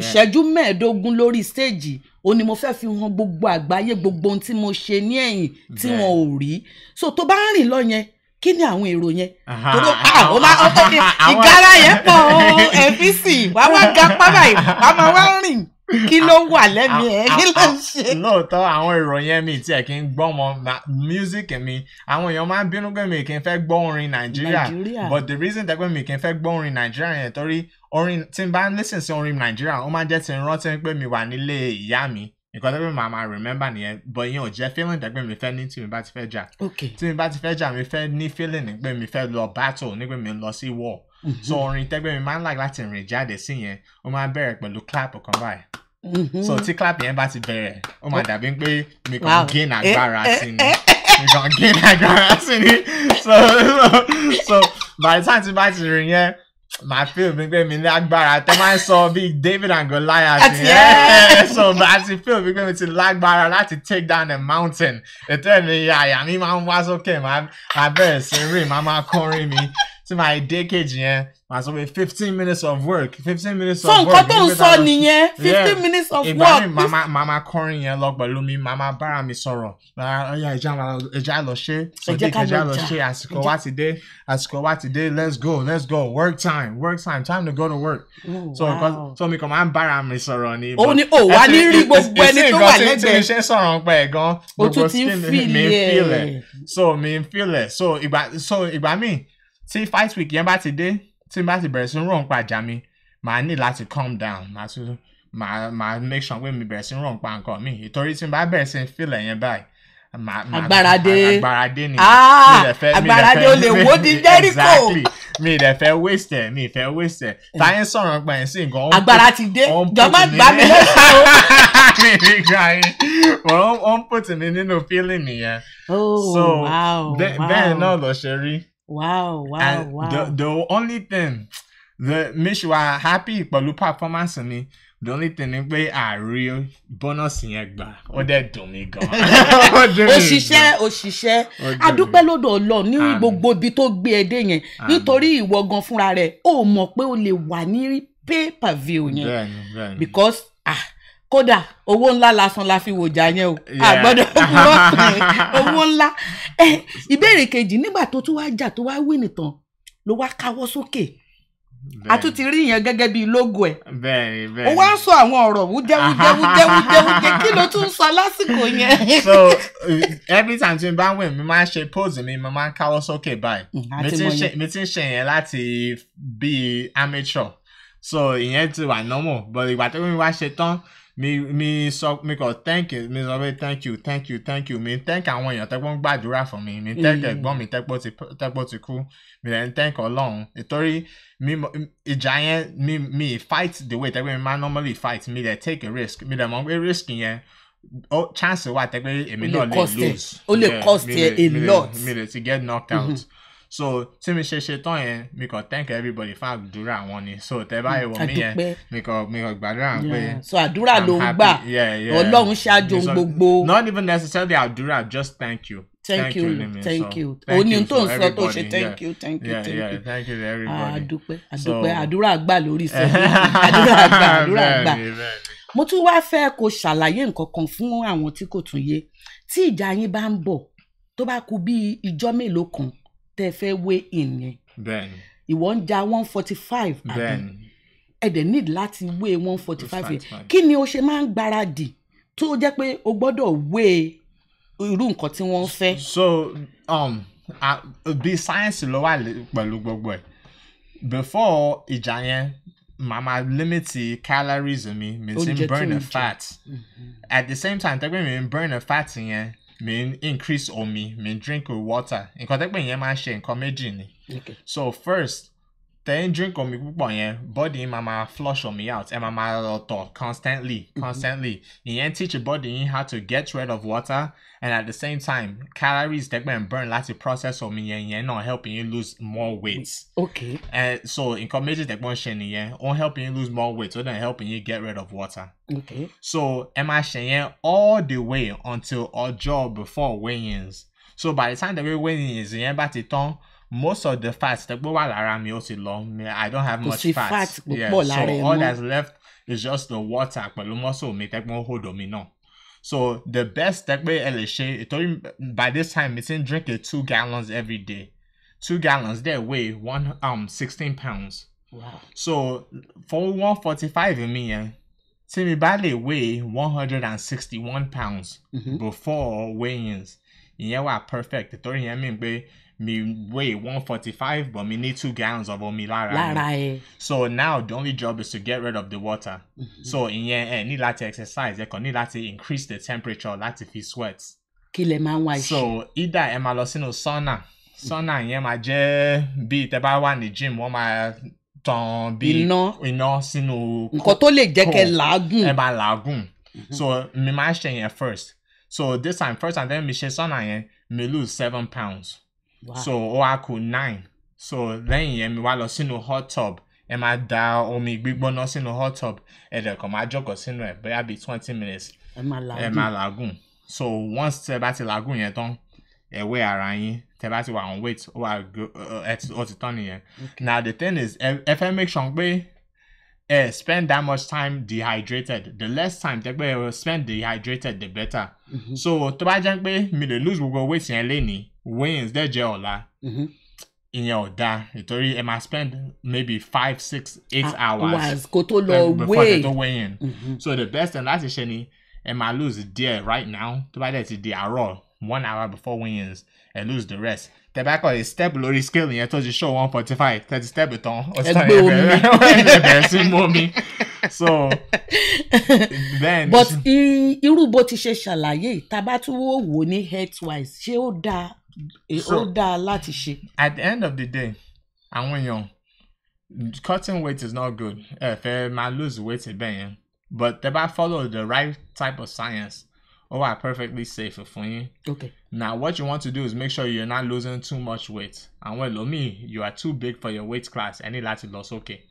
ìṣẹ́jú mẹ́ẹ̀ẹ́dógún lórí stage ó ní mo fẹ́ fi hàn gbogbo àgbáyé gbogbo ohun tí mo ṣe ní ẹ̀yìn tí wọn ò rí so tó bá ń rìn lọ yẹn kí ni àwọn èrò yẹn toro ah o ma ọkọ ìgárá yẹn pọ̀ o ẹ̀fíìsì [LAUGHS] e wàá wá ga pábàyì wàá máa wá rìn kí ló ah, wà lẹ́mìí ah, ẹ̀ ah, kí ló ń ṣe. lóòótọ́ àwọn ìròyìn ẹ̀mí tí ẹ̀ kí ń gbọ́ mọ music mi àwọn èèyàn máa ń bínú pé mi kì í fẹ́ gbọ́ orin nàìjíríà but the reason that pé mi kì í fẹ́ gbọ́ orin nàìjíríà yẹn torí orin tí n bá ń listen sí orin nàìjíríà ó máa ń jẹ́ ti ń rántí pé mi wà nílé ìyá mi nǹkan tó pé màá máa remember nìyẹn but ìyẹn ò jẹ́ feeling that pé mi fẹ́ ní tí mi bá ti fẹ́ jà tí mi bá ti fẹ́ jà mi fẹ́ ní feeling pé mi fẹ́ lọ battle ní pé mi lọ sí war so orin tẹ́gbẹ́ mi máa ń like láti rìn jáde sí yẹn ó máa ń bẹ̀rẹ̀ pẹ̀lú clap kan báyìí mm-hmm. so tí clap yẹn bá ti bẹ̀rẹ̀ ó máa oh. dàbí pé mi kàn gain eh, agbára eh, sí ni eh. mi kàn gain agbára sí ni so so by the time tí bá ti rìn yẹn màá feel mi pé mi ní agbára tẹ máa ń sọ bíi David and Goliath yẹn so màá ti feel mi pé mi ti lágbára láti take down a mountain ètò ẹ̀mí àyà mi máa ń wá sókè màá bẹ̀rẹ̀ sí rìn màá máa kọrin mi tí màá dé kejì yẹn màá sọ pé fifteen minutes of work fifteen minutes of work. fún nǹkan tó ń sọ nìyẹn fifteen minutes of work. ìgbà mi màmá màmá kọrin yẹn lọ pẹ̀lú mi màmá bára mi sọ̀rọ̀ ọ̀yà oh ẹja lọ ṣe sọdík ẹja lọ ṣe àsìkò wa ti dé àsìkò wa ti dé let's go let's go work time work time time to go to work. so nǹkan tó mi kàn máa ń bára mi sọ̀rọ̀ ni. ó ní o wà ní rí gbogbo ẹni tó wà lẹ́gbẹ̀ẹ́. ètò ìṣe sọ̀rọ̀ pẹ̀ gan gbogbo skin mi feel it. so mi feel it. so ìgbà míì tí fight week yẹn bá ti dé tí n bá ti bẹ̀rẹ̀ sí rò ń pa mi màá ní láti calm down màá tún màá màá make sure pé mi bẹ̀rẹ̀ sí rò ń pa nǹkan mi ìtorí tí n bá bẹ̀rẹ̀ sí feel ẹ̀yẹn báyìí àgbàradé àgbàradé ni àgbàradé ah, o lè wó di [LAUGHS] jẹ́ríkò mi ì dẹ̀ fẹ́ waste ẹ̀ mi ì waste ẹ̀ eh. táyé pa ẹ̀ sí nǹkan. agbára ti dé jọba gbà mí lẹ́sìn o. [LAUGHS] mi ì gbà yín wọ́n ó ń put mi nínú feeling nìyẹn. Oh, so bẹ́ẹ̀ náà lọ ṣe rí. Wow, wow, and wow. The, the only thing the make sure I happy pẹ̀lú performance mi the only thing ni pé àárí bonus yẹn gbà ó dẹ̀ dùn mí gan. [LAUGHS] òṣìṣẹ́ òṣìṣẹ́ adúpẹ́ lọ́dọ̀ Ọlọ́run ní gbogbo ibi tó gbé ẹ dé yẹn nítorí ìwọ gan fúnra rẹ̀ ó mọ̀ pé o lè wà ní pay per view yẹn because kódà owó ńlá lásán la fi wòjà yẹn o àgbọ́dọ̀ [LAUGHS] owó ńlá ìbéèrè kejì nígbà tó tún wá jà tó wá wí nìtàn ló wá káwọ́ sókè àtún ti rí ìyẹn gẹ́gẹ́ bíi lógo ẹ̀ ó wá ń sọ àwọn ọ̀rọ̀ wúdẹ́wúdẹ́wúdẹ́wúdẹ́ kí ló tún ń sọ lásìkò yẹn. so every time tí n bá ń wẹ̀ mi máa ń ṣe pose mi mo máa ń káwọ́ sókè báyìí mi mm, ti ń ṣe yẹn láti bíi amateur so ìyẹn ti wà normal but ìgbà tó mi wá ṣe tán mi mi sọ mi kọ thank you mi sọ pé thank you thank you thank you mi thank àwọn èèyàn tẹ́gbọ́n gbàdúrà fún mi mi thank mm. ẹ̀gbọ́n mi tẹ́gbọ́n ti kú mi lẹ́nu thank ọlọ́run ìtorí mi ìjà yẹn mi mi fight the way tẹ́gbẹ́ mi máa normally fight mi lè take a risk mi lè mọ̀ pé risk yẹn o chance wà tẹ́gbẹ́ èmi náà lè lose o lè cost ẹ a lot mi lè ti get knocked mm-hmm. out. Mm -hmm so tí mi ṣe ṣe tán yẹn mi kàn thank everybody fún àdúrà wọn ni so tẹ báyìí hmm, wọ mí yẹn mi kàn mi kàn gbàdúrà pé so àdúrà ló ń gbà ọlọ́run ṣáájú gbogbo. not even necessarily àdúrà just thank you. Thank, you, thank you o ní tó ń sọ tó ṣe thank you thank you thank you thank you àdúpẹ́ àdúpẹ́ àdúrà gbà lórí sọ [LAUGHS] àdúrà gbà àdúrà gbà mo tún wá fẹ́ kó ṣàlàyé nǹkan kan fún àwọn tí kò tún yé tí ìjà yín bá ń bọ̀ tó bá kù bíi ijọ́ mélòó kan tẹ́ ẹ fẹ́ wé in yẹn ìwọ ń ja one forty five àbí ẹ dẹ̀ need láti wé one forty five yẹn kí ni o ṣe máa ń gbáradì tó jẹ́ pé o gbọ́dọ̀ wé irú nǹkan tí wọ́n fẹ́. so um, uh, bí sáyẹ́nsì ló wà pẹ̀lú gbogbo ẹ̀ before ìjà yẹn mama limiti calories mi mi ti burn the fat mm-hmm. at the same time tẹ́gbẹ́ mi burn the fat yẹn mi increase omi mi ń drink water nǹkan tẹ́pẹ́ yẹn máa ń ṣe nǹkan méjì ni. so first Then ń drink me púpọ̀ yeah body mama flush on me out and my máa constantly tọ̀ constantly mm-hmm. constantly ain't teach body how to get rid of water and at the same time calories that ń burn of process omi yẹn yeah not helping you lose more weight. okay. Uh, so nǹkan méjì tẹ́gbọ́n ṣe nìyẹn ó ń helping you lose more weight ó dẹ̀ helping you get rid of water. okay. so am I saying all the way until job before weighing so by the time the weighing is yẹn about ti tán most of the fat tẹ́gbó wà lára mi ó ti lọ mi I don't have much fat, fat yeah so all that's left is just the water pẹ̀lú muscle mi tẹ́gbó hold mi náà so the best tẹ́gbó ẹ lè ṣe ìtọ́jú by this time mi ti ń drink two gallons every day two gallons They weigh one um sixteen pounds wow. so for one forty five mi yẹn. Yeah, tí mi bá lè weigh one hundred and sixty one pounds mm -hmm. before weigh-ins ìyẹn wà perfect torí yẹn mi pé me weigh 145 but me need two gallons of omi lára lára ẹ. so now the only job is to get rid of the water mm-hmm. so ìyẹn ẹ ní láti exercise ẹ kàn ní láti increase the temperature láti fi sweat. kí lè máa ń wá iṣẹ́. so either ẹ máa lọ sínú sauna sauna yẹn máa jẹ́ bí tẹ bá wà ní gym wọ́n máa tan bí iná iná sínú. nǹkan tó lè jẹ́ kẹ́ làágùn. ẹ máa làágùn mm-hmm. so mi máa ń ṣe yẹn first so this time first and then mi ṣe sauna yẹn mi lose seven pounds. So ó wá kù nine. So lẹ́yìn yẹn mi wá lọ sínú hot tub ẹ máa da omi gbígbóná sínú hot tub ẹ dẹ̀ kàn máa jókòó sínú ẹ̀ bóyá bíi twenty minutes ẹ máa làágùn so once tẹ bá ti làágùn yẹn tán ẹ wé ara yín tẹ bá ti wà on weight ó wà ó ti tán nìyẹn. now the thing is ẹ fẹ́ make sure pé eh, spend that much time dehydrated the less time tẹ́ pé eh, spend dehydrated the better mm -hmm. so tó bá jẹ́ pé mi lè lose gbogbo weight yẹn lénìí wins dẹ̀ jẹ́ ọ̀la mm-hmm. ìyẹn ò dáa nítorí ẹ máa spend maybe five six eight uh, hours kó tó lọ weigh before kó tó weigh in mm -hmm. so the best thing láti ṣe ni ẹ máa lose there right now tó bá dẹ̀ ti di àárọ̀ one hour before weigh in ẹ lose the rest tẹ̀bá kọ̀ ẹ̀ step lórí scale yẹn tó ti show one forty five thirty step tán ọ̀sán yẹn bẹ̀rẹ̀ [LAUGHS] bẹ̀rẹ̀ sí mú mi so [LAUGHS] then. but irú bó ti ṣe ṣàlàyé tá bá tún wò wò ní healthwise ṣé ó dáa e, ó dáa láti ṣe. at the end of the day àwọn èèyàn cutting weight is not good ẹ fẹ́ máa lose weight bẹ́ẹ̀ yẹn but tẹ bá follow the right type of science Oh, I perfectly safe for you. okay. now what you want to do is make sure you're not losing too much weight And well, me, you are too big for your weight class Any ní láti lọ Okay.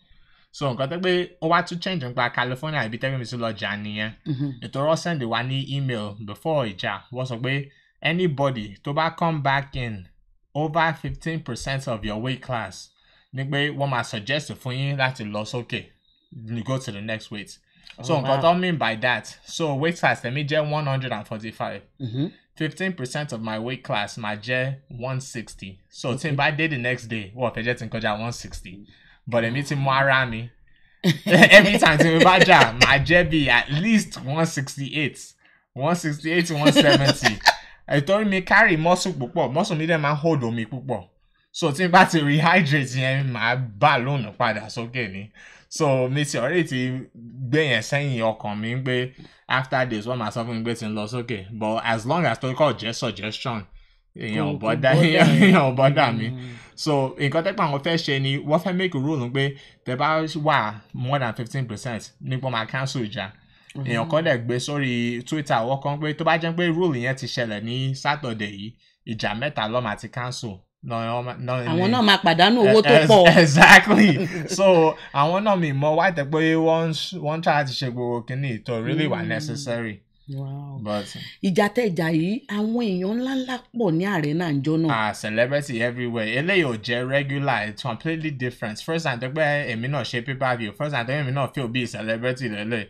so nǹkan tó pé ó wá tún change nípa California ibi tẹ́gbẹ́ Mister Lord lọ jà nìyẹn all mm-hmm. send the one email before it. wọ́n sọ anybody tó come back in over fifteen percent of your weight class ni pé wọ́n máa suggest you that láti lọ Okay. you go to the next weight So oh, wow. what I mean by that, so weight class let me jẹ́ 145 hundred and forty mm-hmm. of my weight class my J160. So tí by day the next day, wọ́n fẹ́ jẹ́ ti n 160, But I'm eating more ara mi. [LAUGHS] Every time tí mo bá jà, máa jẹ́ at least 168 sixty-eight, one sixty-eight, one seventy. Ìtorí mi carry muscle púpọ̀, muscle mi dẹ̀ máa hold omi púpọ̀. So tí n bá rehydrate yẹn, màá bà lónìí padà sókè ni so mi ti already ti gbé yẹn sẹ́yìn ọkàn mi pé after this one máa sọ fún mi pé ti ń lọ sókè but as long as tó call jẹ́ suggestion èèyàn ò bọ́dà [LAUGHS] èèyàn ò bọ́dà mi mm. so nǹkan tẹ́pẹ́ àwọn fẹ́ ṣe ni wọ́n fẹ́ make rule pé tẹ́ bá wà more than fifteen percent nípa máa cancel ìjà mm-hmm. èèyàn kan dẹ̀ gbé sórí Twitter wọ́n kan pé tó bá jẹ́ pé rule yẹn ti ṣẹlẹ̀ ní Saturday yìí ìjà mẹ́ta ló máa ti cancel àwọn náà máa pàdánù owó tó eh, eh, pọ̀. [LAUGHS] exactly so àwọn náà mi mọ wáìtẹ́ pé wọ́n ń try àti ṣe gbogbo kínní ìtọ́ really wà hmm. necessary. Uh, ìjà tẹ̀jà yìí àwọn èèyàn ńláńlá pọ̀ ní ààrẹ náà ń jọ náà. ah celebrity everywhere eléyìí ò jẹ́ regular it's completely different first and tẹ́pẹ́ èmi náà ṣe paper view first and tẹ́pẹ́ èmi náà feel bíi celebrity lẹ́lẹ̀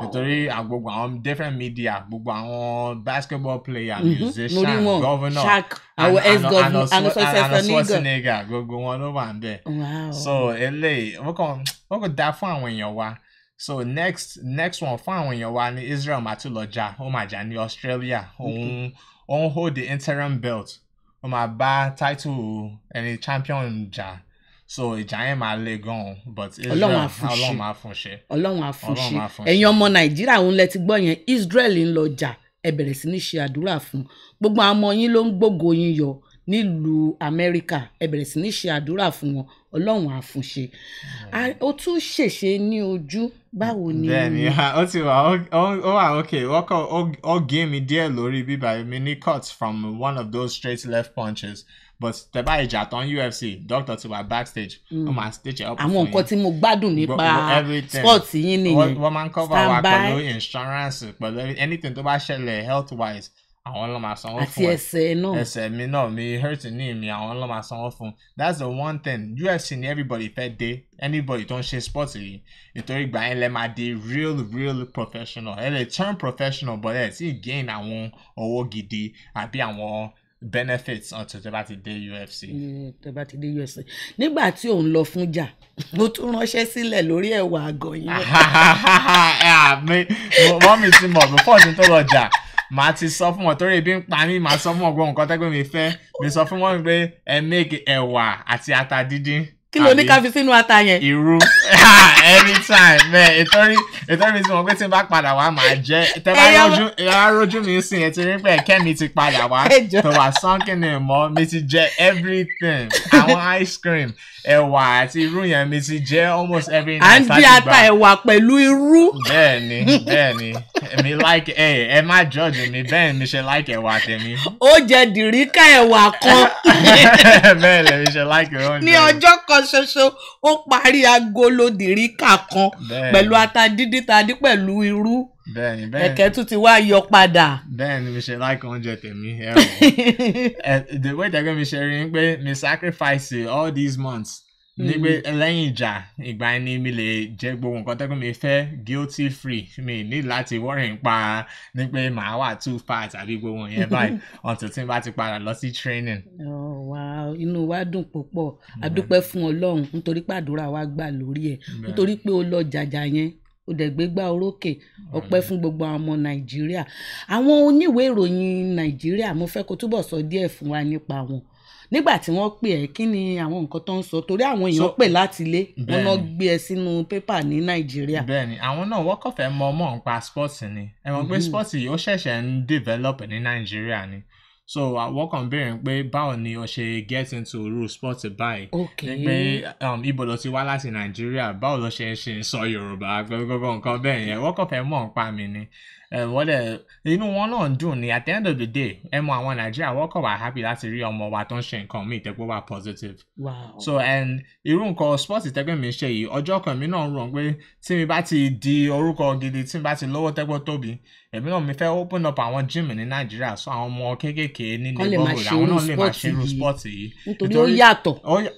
nítorí gbogbo àwọn different media gbogbo àwọn basketball player mm-hmm. musician governor Shaq, and, governor, and, and Schwarzenegger gbogbo wọn ló wà ń bẹ̀ so eléyìí wọ́n kàn dá fún àwọn èèyàn wa so next next one fún one èèyàn wa ní Israel máa tún lọ jà ó máa jà ní Australia òun òun hold the interim belt ó máa bá title ẹni champion ja. so ìjà yẹn ma le gan but Israel Ọlọ́run àfúnṣe Ọlọ́run àfúnṣe ẹ̀yin ọmọ Nàìjíríà òun lẹ ti gbọ́ yẹn Israel ń lọ jà ẹ bẹ̀rẹ̀ sí ní ṣe àdúrà fún gbogbo àwọn ọmọ yín ló ń gbógo yín yọ nílùú amẹ́ríkà ẹ bẹ̀rẹ̀ sí ní ṣe àdúrà fún wọn ọlọ́run àfúnṣe ó tún ṣèṣe ní ojú báwo ni. bẹ́ẹ̀ni [LAUGHS] ó ti wà ó wa, ok wọkọ ó gé mi díẹ̀ lórí bíbá mi ní cut from one of those straight left punches but tẹ́bá ìjà tán UFC doctor ti wà backstage ó hmm. máa stage up fún yín. àwọn nǹkan tí mo gbádùn nípa sport yín nìyẹn. wọ́n máa ń cover wa pẹ̀lú insurance pẹ̀lú anything tó bá ṣẹlẹ̀ health wise àwọn ló máa sanwó fún ẹ àti ẹsẹ̀ náà ẹsẹ̀ mi náà mi hurt ní mi àwọn ló máa fún that's the one thing UFC ni everybody fẹ́ dé anybody tó ń ṣe sport yìí nítorí gbà yẹn lẹ máa di real real professional ẹ lè turn professional but ẹ sì gain àwọn owó gidi àbí àwọn benefits until tó bá ti dé UFC. Mm, tó bá ti dé UFC nígbà tí òun lọ fún jà [LAUGHS] mo tún ránṣẹ́ sílẹ̀ lórí ẹ̀wà àgọ̀ yẹn. wọ́n [LAUGHS] ah, [LAUGHS] ah, ah, mi ti mọ̀ before ti tó lọ jà màá ti sọ fún wọn torí ebi ń pa mí màá sọ fún wọn gbọ́ nǹkan tẹ́gbẹ́ mi fẹ́ mi sọ fún wọn pé ẹ make ẹ̀wà àti ata dídín kí ló ní ká fi sínú ata yẹn. irú [LAUGHS] anytime bẹ́ẹ̀ ìtọ́rí ìtọ́rí tí wọ́n pé tí n bá padà wá màá jẹ́ tẹ́lá rojú ìyára rojú mi sìn ẹ̀ ti rí pé ẹ̀kẹ́ mi ti padà wá [LAUGHS] tó wà sọ́ńkìnì mọ́ mi ti jẹ everything àwọn [LAUGHS] ice cream ẹ̀wà àti irú yẹn mi ti jẹ almost every night. à ń dín ata ẹ̀wà pẹ̀lú irú. bẹ́ẹ̀ni bẹ́ẹ̀ni mi like ẹ ẹ má judge mi bẹ́ẹ̀ mi ṣe like ẹ̀wà tèmi. ó jẹ dìríkà ẹ̀wà kan. bẹ́ẹ̀ lè mi ṣe like ẹ̀wà tèmi. ní ọjọ́ kan ṣoṣo ó parí agolo dìríkà kan pẹ̀lú ata díndín tadí pẹ̀lú irú bẹ́ẹ̀ni tún ti wá yọ padà. bẹ́ẹ̀ni mi ṣe láìka oúnjẹ tèmi ẹ wọ [LAUGHS] the way tẹgbẹ́ mi ṣe rí i pé mi sacrifice all these months ní pé mm. lẹ́yìn ìjà ìgbà ẹni mi lè jẹ gbogbo nǹkan tẹ́kùn mi fẹ́ guilty free mi ní láti worry nípa ní pé màá wà two parts àbí gbogbo yẹn báyìí [LAUGHS] until tí n bá ti padà lọ sí training. oh wow inú wa dùn púpọ̀ a dúpẹ́ fún ọlọ́run nítorí pàdúrà wa gbà lórí ẹ̀ nítorí pé o lọ jàjà yẹn o dẹ̀ gbé gbá orókè ọpẹ́ fún gbogbo àwọn ọmọ nàìjíríà àwọn oníwèé ìròyìn nàìjíríà mo fẹ́ kó túbọ̀ sọ díẹ̀ fún wa nípa wọn nígbà tí wọ́n pè ẹ́ kí ni àwọn nǹkan tó ń sọ torí àwọn èèyàn pè láti ilé wọn náà gbé ẹ sínú pépà ní nàìjíríà. bẹ́ẹ̀ni àwọn náà wọ́n kàn mọ ọmọ nípa sports ni ẹ mọ̀ pé mm-hmm. sports yìí ó ṣẹ̀ṣẹ̀ ń develop ní nàìjíríà ni so àwọn kan béèrè pé báwo ni o ṣe get into rule sports báyìí ni pé um, ibo ló ti wá láti nàìjíríà báwo ló ṣe ń sọ yorùbá gbogbo nǹkan bẹ́ẹ̀ yẹn wọ́n kàn fẹ́ mọ̀ nípa mi ni wọ́n dẹ̀ inú wọn náà dùn ní at the end of the day ẹ mọ àwọn nàìjíríà wọ́n kàn wá happy láti rí ọmọ wa tó ń ṣe nǹkan míì tẹ́gbọ́n wá positive. Wow. so and you irú nǹkan sports tẹ́gbẹ́ mi ṣe yìí me. No wrong. náà see me. pé tí mi bá ti di it. gidi me. mi bá lower lówó tẹ́gbọ́n tóbi You know, me fẹ́ open up our gym in Nigeria. so àwọn ọmọ kéékèèké ní neighborhood àwọn náà lè máa ṣe irú sport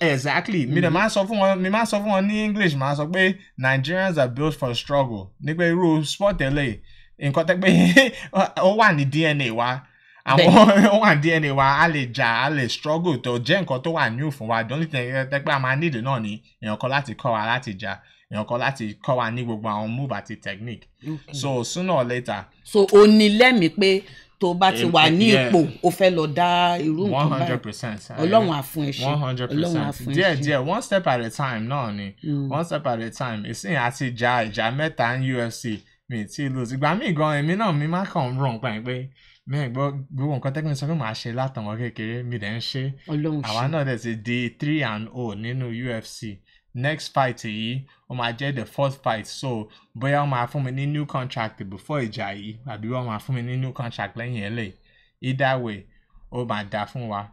exactly Me dẹ̀ mm-hmm. máa sọ Me man, so máa sọ english man. So pé Nigerians are built for struggle nígbà irú sport tẹ́lẹ̀ nǹkan tẹ́ pé [LAUGHS] ó wà ní DNA wa àwọn [LAUGHS] ó wà ní DNA wa a lè jà a lè struggle tó jẹ́ nǹkan tó wà new fún wa the only thing tẹ́ pé a máa nílò náà ni èèyàn kan láti kọ́ wa láti jà èèyàn kan láti kọ́ wa ní gbogbo àwọn move àti technique so sooner or later. so o ní lẹ́mìí pé tó bá ti wà ní ipò o fẹ́ lọ dá irú nǹkan báyìí ọlọ́run á fún ẹ ṣe ọlọ́run á fún ẹ díẹ̀ díẹ̀ one step at a time náà ni mm. one step at a time ìsìn àti ìjà ìjà mẹ́ta ní UFC mi ì tí ì lose ìgbà míì gan èmi náà mi máa kàn ń rò nípa ẹ̀ pé mẹ́ẹ̀ gbọ́ gbogbo nǹkan tẹ́gbìn sọ pé màá ṣe látọ̀wọ́ kékeré mi dẹ̀ ń ṣe àwa náà dẹ̀ ti di three and o oh nínú UFC next fight yìí ó máa jẹ́ the fourth fight so bóyá ó máa fún mi ní new contract before ìjà yìí àbí wọ́n máa fún mi ní new contract lẹ́yìn ẹ̀ lẹ́yìn either way ó máa dáa fún wa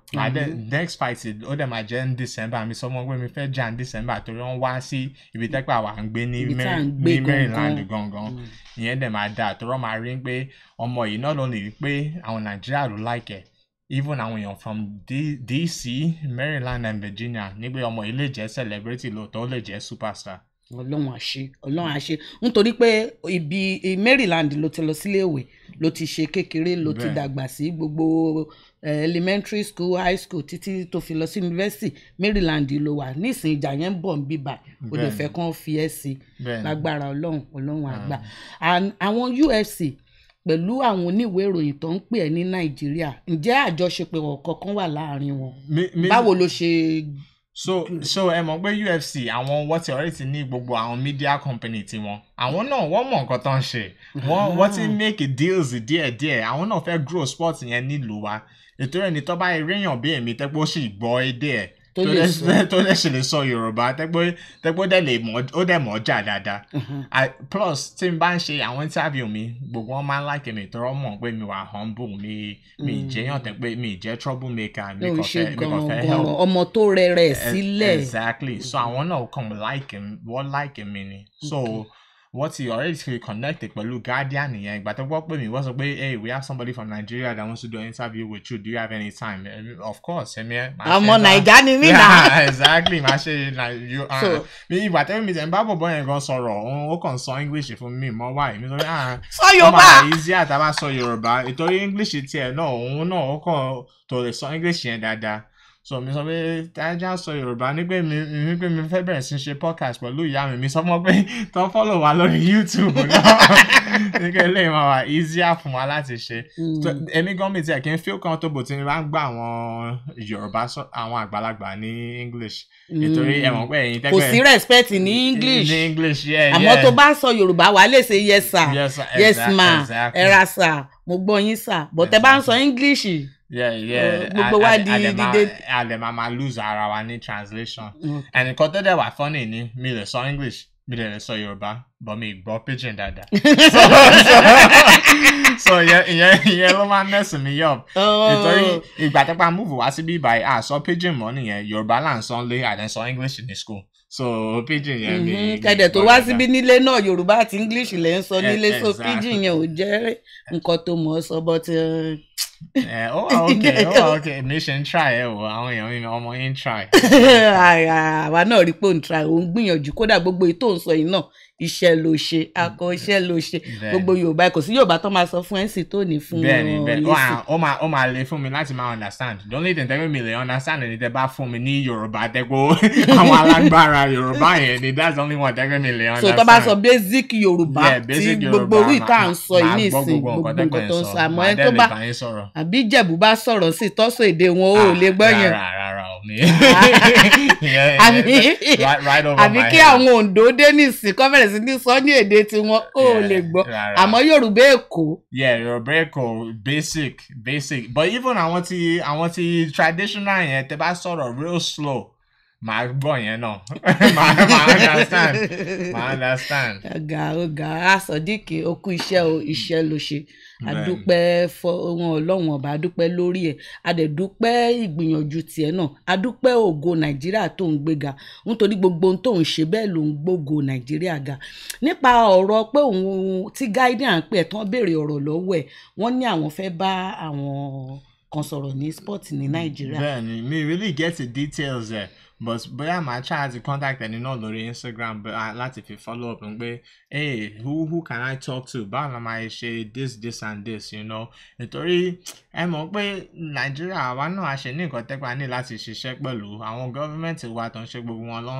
dex fight ó dẹ̀ máa jẹ́ ní december mi sọ fún wọn pé mi fẹ́ jà ní december torí wọ́n wá sí ibi tẹ́pẹ́ àwa ń gbé ní maryland gangan mm. ìyẹn dẹ̀ máa dáa torí wọ́n máa rí pé ọmọ yìí not only pé àwọn nàìjíríà ló láìkẹ̀ even àwọn èèyàn from D dc maryland and virginia nígbè ọmọ yìí lè jẹ́ celebrity lóòótọ́ ó lè jẹ́ superstar ọlọ́run àṣe ọlọ́run àṣe nítorí pé ibi maryland ló ti lọ síléèwé ló ti ṣe kékeré ló ti dàgbà sí gbogbo elementary school high school títí tó fi lọ sí yunifásitì Maryland ló wà nísìnyí ìjà yẹn ń bọ̀ ń bíbà ó lè fẹ́ kán fi ẹ́ sí lágbára ọlọ́run ọlọ́run àgbà ah. àwọn UFC pẹ̀lú àwọn oníwèé ìròyìn tó ń pè ẹ́ ní nàìjíríà ǹjẹ́ àjọṣepọ̀ kọ̀ọ̀kan wà láàrin wọn báwo ló ṣe. so so ẹ mọ̀ pé UFC àwọn wọ́n ti ọ̀rẹ́ ti ní gbogbo àwọn media company tiwọn àwọn náà wọ́n mọ̀ nǹkan tó ń ṣe wọ́n wọ́n ti ah. make deals díẹ̀díẹ̀ àwọn náà fẹ́ grow sport yẹn nílùú wa nítorí ẹni tó bá ríyàn bí èmi tẹ́gbọ́ sì gbọ́ èdè ẹ̀ tó lè ṣe [LAUGHS] lè sọ yorùbá tẹ́gbọ́ dẹ̀ lè mọ̀ ó dẹ̀ mọ̀ jà dáadáa uh-huh. plus tí n bá ń ṣe àwọn interview mi gbogbo wọn máa ń láìkè mi tọrọ mọ̀ pé mi wà humble mi mi mm. jẹyàn tẹ pé mi jẹ trouble maker mi kò fẹ́ mi kò fẹ́ help ọmọ tó rẹrẹ e, sílẹ̀ exactly so àwọn náà kàn like mi wọ́n like mi ni so. Okay wọ́n ti already ti connect pẹ̀lú Guardian yẹn ìgbà tó gbọ́ pé mi wọ́n sọ pé hey we have somebody from Nigeria that wants to do an interview with you do you have any time um, of course ẹ̀mi ẹ̀ máa ṣe ọmọ naija ni mí [LAUGHS] na exactly máa ṣe na you so mi ìgbà tẹ́lẹ̀ mi tẹ̀ ń bá bọ̀bọ̀ yẹn gan sọ̀rọ̀ òun ó kàn sọ English fún mi mọ́ wáyé mi sọ pé ah sọ Yorùbá ọmọ easy àtàbà sọ Yorùbá ìtorí English tiẹ̀ náà òun náà ó kàn tó lè sọ English yẹn dáadáa so mi sọ pé ajá sọ yorùbá ní pé mi ní pé mi fẹ́ bẹ̀rẹ̀ sí ṣe podcast pẹ̀lú ìyá mi mi sọ mọ́ pé tó fọ́lọ̀ wá lórí youtube náà nígbà ilé ìmọ̀ wà easier fún wa láti ṣe hmm. èmi gan mi tiẹ̀ kí n feel comfortable tí mi bá ń gbọ́ àwọn yorùbá àwọn àgbàlagbà ní english nítorí ẹ̀wọ̀n hmm. pé ẹ̀yin tẹ́gbẹ́ kò sí respect ní english ní english yeah yeah àmọ́ tó bá ń sọ yorùbá wà á lè ṣe yes sir yes ma ẹ ra sir mo gbọ́ yín sir bọ́tẹ́ bá ń sọ english. Uh, gbogbo wa di dídé. àdèmà máa lose our our ní translation and mm. nǹkan tó dẹ̀ wà funny ni mi lè sọ English mi lè sọ Yorùbá but mi gbọ́ pidgin dáadáa [LAUGHS] so ìyẹn ìyẹn ló máa ń mẹ́sìn mi yọ̀ nítorí ìgbà tó pa múùfù wá síbí báyìí àsọ pidgin mọ́ nìyẹn Yorùbá là ń sọ lé saw English in the school so pidgin yẹn ni. Mhm, kẹ̀dẹ̀ tó wá síbi nílé náà yorùbá àti english lẹ́ ń sọ eh, nílé so pidgin yẹn ò jẹ́ nǹkan tó mọ̀ ọ́ sọ but. Uh, eh, ó wà ok [LAUGHS] ó wà ok èmi ṣe ń try ẹ o àwọn èèyàn ọmọ yín ń try. [LAUGHS] àwa náà rí pé òun try òun gbìyànjú kódà gbogbo ètò òun sọ yìí náà iṣẹ́ ló ṣe akọ mm. iṣẹ́ ló ṣe gbogbo yorùbá kò sí yorùbá tó máa sọ fún ẹ̀sìn tó ní fún wọn lẹ́sìn. bẹ́ẹ̀ni bẹ́ẹ̀ni ó máa ó máa le fún mi láti máa understand the only thing tẹ́gbẹ́ mi lè understand ni tẹ́ bá fún mi ní yorùbá tẹ́gbọ́ [LAUGHS] àwọn alágbára yorùbá yẹn ni that's the only one tẹ́gbẹ́ mi lè understand. so tó bá sọ basic yorùbá tí gbogbo orí ìta à ń sọ yìí ní ìsìn gbogbo nǹkan tó ń sọ àmọ́ ẹ tó bá àbí ìjẹ̀bú bá sọ̀rọ̀ sí tọ́sọ̀ èdè wọn ò ah, lè gbọ́ yẹn ni ah. [LAUGHS] àbí kí àwọn Oǹdó dé nísìn kọ́ bẹ̀rẹ̀ sí ní sọ ní èdè tiwọn ó lè gbọ́ àmọ́ Yorùbá Èkó. yeah Yorùbá Èkó basic basic but even àwọn ti àwọn ti traditional yẹn tẹ bá sọ̀rọ̀ real slow màá gbọ́ yẹn náà màá [LAUGHS] màá understand màá understand. ọ̀gá ọ̀gá asọ̀díkì okú iṣẹ́ o iṣẹ́ ló ṣe adúpẹ́ fọwọ́n ọlọ́run ọba adúpẹ́ lórí ẹ̀ adẹ̀dúpẹ́ ìgbìyànjú tiẹ̀ náà adúpẹ́ ògo nàìjíríà tó ń gbéga nítorí gbogbo ohun tó ń ṣe bẹ́ẹ̀ ló ń gbógo nàìjíríà ga nípa ọ̀rọ̀ pé òun tí guardian pé ẹ̀ tán béèrè ọ̀rọ̀ lọ́wọ́ ẹ̀ wọ́n ní àwọn fẹ́ bá àwọn kan sọ̀rọ̀ ní sport ní nàìjíríà. bẹ́ẹ̀ni mi really get the details there. Eh but bóyá màá try àti contact ẹni náà lórí Instagram ah, láti fi follow up pé hey who who can I talk to báwo la máa ṣe this this and this you know nítorí ẹ mọ̀ pé Nàìjíríà àwa náà a ṣe ní nǹkan tẹ́pẹ́ a ní láti ṣiṣẹ́ pẹ̀lú àwọn gọ́fíńmẹ̀ntì wa tó ń ṣe gbogbo wọn ló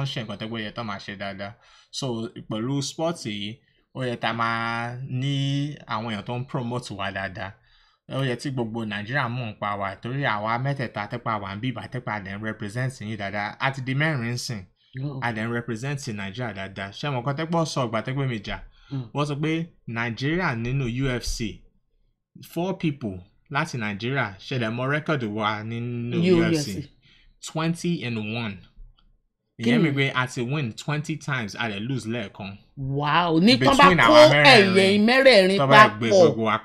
ń ṣe nǹkan tẹ́pẹ́ yẹ tó máa ṣe dáadáa so pẹ̀lú sport yìí ó yẹ tá máa ní àwọn èèyàn tó ń promote wa dáadáa ó yẹ tí gbogbo nàìjíríà mọ̀ ń pa wà torí àwa mẹ́tẹ̀ẹ̀ta tẹ́pa wà ń bíbà tẹ́pa à dẹ̀ ń represent yín dáadáa a ti di mẹ́rin ń sìn mm. a dẹ̀ ń represent nàìjíríà dáadáa ṣé mo kọ́ tẹ́pọ̀ sọ ọgbà tẹ́pẹ́ mi jà mm. wọ́n sọ pé nàìjíríà nínú UFC four people láti nàìjíríà ṣẹlẹ̀ mọ́ rẹ́kọ̀dù wa nínú UFC twenty and one ìyẹn mi pé a ti win twenty times a lè lose lẹ́ẹ̀kan. wow ní tán bá kó ẹ̀yẹ mẹ́rẹ̀ẹ̀rin papọ̀. tọ́ bá gbé gbogbo wa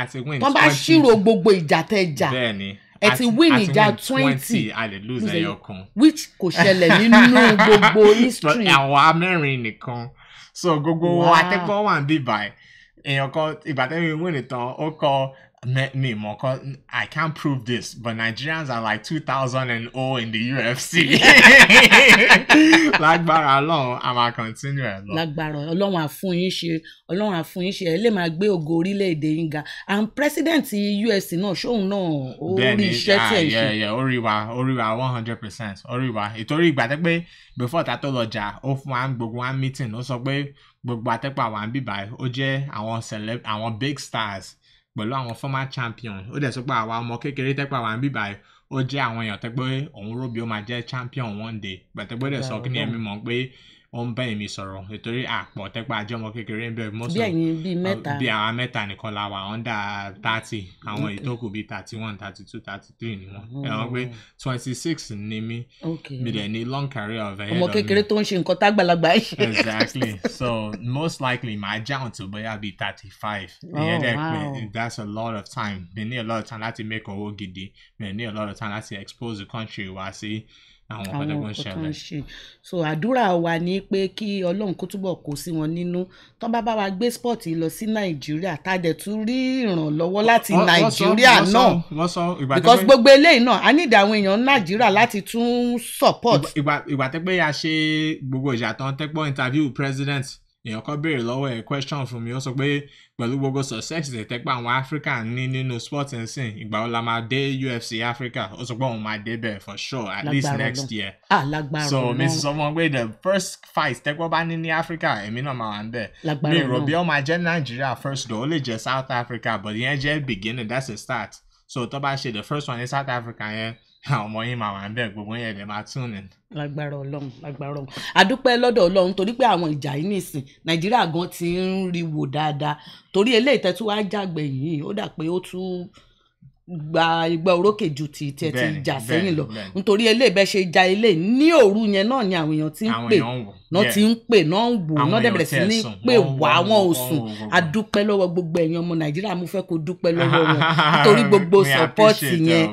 àti win twenty wọ́n bá ṣírò gbogbo ìjà tẹ́ jà bẹ́ẹ̀ni ẹ ti win ìjà twenty a lè lose ẹyọ kan which kò ṣẹlẹ̀ nínú gbogbo [LAUGHS] history àwọn amẹ́rin nìkan so gbogbo wọn atẹ́gbọ́n wà ń bíbà èèyàn kan win tán ó kọ me, me more cause I can't prove this, but Nigerians are like 2000 and 0 in the UFC. [LAUGHS] Lágbára Ọlọ́run, a máa continue ẹ̀ lọ. Lágbára Ọlọ́run àfún yín ṣe Ọlọ́run àfún yín ṣe ẹ lè máa gbé ògo orílẹ̀ And president UFC no show, no. Yeah, yeah, yeah. Oriwa, Oriwa, ṣe. Bẹ́ẹ̀ni ó rí wa ó rí one hundred percent ó rí wa. Ìtorí before ta tó lọ jà ó fún wa gbogbo wa meeting ó sọ pé gbogbo atẹ́pà wa ń bíbá ó jẹ́ àwọn celeb àwọn big stars pẹ̀lú àwọn former champion ó dẹ̀ sọ pé àwa ọmọ kékeré tẹ́pẹ́ àwa ń bíbá ẹ̀ ó jẹ́ àwọn èèyàn tẹ́pẹ́ òun róbi ó máa jẹ́ champion one day pẹ̀tẹ́pẹ́ dẹ̀ sọ kí ni ẹ̀mí mọ̀ pé ó ń bá èmi sọ̀rọ̀ nítorí àpọ̀ tẹ́pẹ́ àjọ ọmọ kékeré ń bẹ̀rù mọ́sọ̀ bí ẹ̀yin bíi uh, mẹ́ta bí àwa mẹ́ta nìkan la wà ọ̀ndà thirty àwọn ìtókù bíi thirty one thirty two thirty three ni wọ́n oh. ẹ̀wọ̀n pé twenty six ni mí mi dẹ̀ ní long career of ẹ̀yẹ́dọ̀ mi ọmọ kékeré tó ń ṣe nǹkan tágbàlagbà ẹ̀ ṣe. exactly so most likely my jaunt tó bóyá bíi thirty five ìyẹn oh, dẹ̀ pé that's a lot of time mi ní a lot of time láti make owó gidi mi ní a lot of time láti expose the country wá sí àwọn nǹkan tó ń ṣẹlẹ̀ so àdúrà wa ni pé kí ọlọ́run kó túbọ̀ kó sí wọn nínú tó bá bá wa gbé sport lọ sí nàìjíríà tá a dẹ̀ tún rí ìrànlọ́wọ́ láti nàìjíríà náà because gbogbo eléyìí náà a nídìí àwọn èèyàn nàìjíríà láti tún support. ìgbà tẹ́pẹ́ yà ṣe gbogbo ìjà tán tẹ́pọ̀ interview president èèyàn kan béèrè lọ́wọ́ ẹ̀ question fún mi ó sọ pé pẹ̀lú gbogbo success ìtẹ́pẹ́ àwọn Africa ní nínú sports and sin ìgbà wo la máa dé UFC Africa ó sọ pé òun máa dé bẹ̀ for sure at least next year Ah, mi So Mrs. fún pé the first fight tẹ́pẹ́ bá ní ní Africa èmi náà máa wà ń bẹ̀ mi rò bí ó máa Nigeria first though ó lè jẹ́ South Africa but ìyẹn jẹ́ beginning that's a start so tó bá ṣe the first one ní South Africa yẹn. Yeah àwọn ọmọ yín máa wà ń bẹ gbogbo yẹn lè máa tún ni. lágbára Ọlọ́run lágbára Ọlọ́run àdúpẹ́ lọ́dọ̀ Ọlọ́run torí pé àwọn ìjà yìí nìsín Nàìjíríà gan ti ń rí wò dáadáa torí eléyìí tẹ́tú wá jàgbẹ̀ yìí ó dà pé ó tún gba ìgbà orókè ju ti tiẹ̀ ti jà sẹ́yìn lọ nítorí eléyìí bẹ́ẹ̀ ṣe ja eléyìí ní òru yẹn náà ni àwọn èèyàn ti ń pè náà ti ń pè náà ń wò náà dẹ̀ bẹ̀rẹ̀ sí ní pè wá àwọn òsùn adúpẹ́ lọ́wọ́ gbogbo ẹ̀yin ọmọ nàìjíríà mo fẹ́ kó dúpẹ́ lọ́wọ́ wọn [LAUGHS] nítorí gbogbo sọ́pọ́ọ̀tì yẹn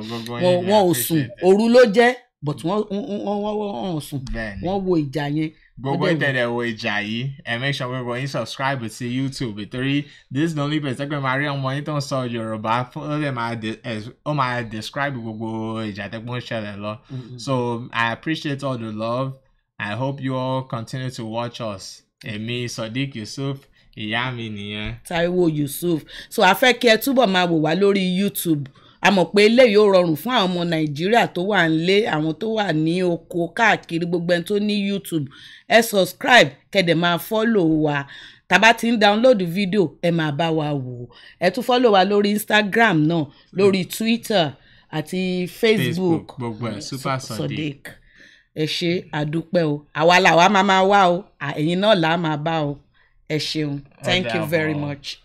oh, wọn ò sùn òru ló jẹ́ but wọ́n wọ́n wọ́n sùn wọ́n wo ìjà yẹn Go go ìtẹ̀lẹ̀ wo ìjà yìí and make sure gbogbo yín subscribe sí YouTube nítorí this is the only place ẹgbẹ́ máa rí ọmọ yín tó ń sọ Yorùbá ó lè máa describe gbogbo ìjà tẹ́gbọ́n ṣẹlẹ̀ lọ mm-hmm. so I appreciate all the love I hope you all continue to watch us èmi Sodiq Yusuf ìyá mi nìyẹn. Taiwo Yusuf so a fẹ́ kí ẹ túbọ̀ máa wò wá lórí YouTube a mọ̀ pé eléyìí ó rọrùn fún àwọn ọmọ nàìjíríà tó wà nílé àwọn tó wà ní oko káàkiri gbogbo ẹni tó ní youtube ẹ subscribe kẹ́dẹ̀ máa follow wa tàbá ti ń download video. ẹ máa bá wa wò ẹ tún follow wa lórí instagram náà lórí twitter àti facebook gbogbo ẹ super sodiq ẹ ṣe àdúpẹ́ o àwa làwa máa máa wá o ẹ̀yin náà làá máa bá o ẹ ṣeun thank you very much.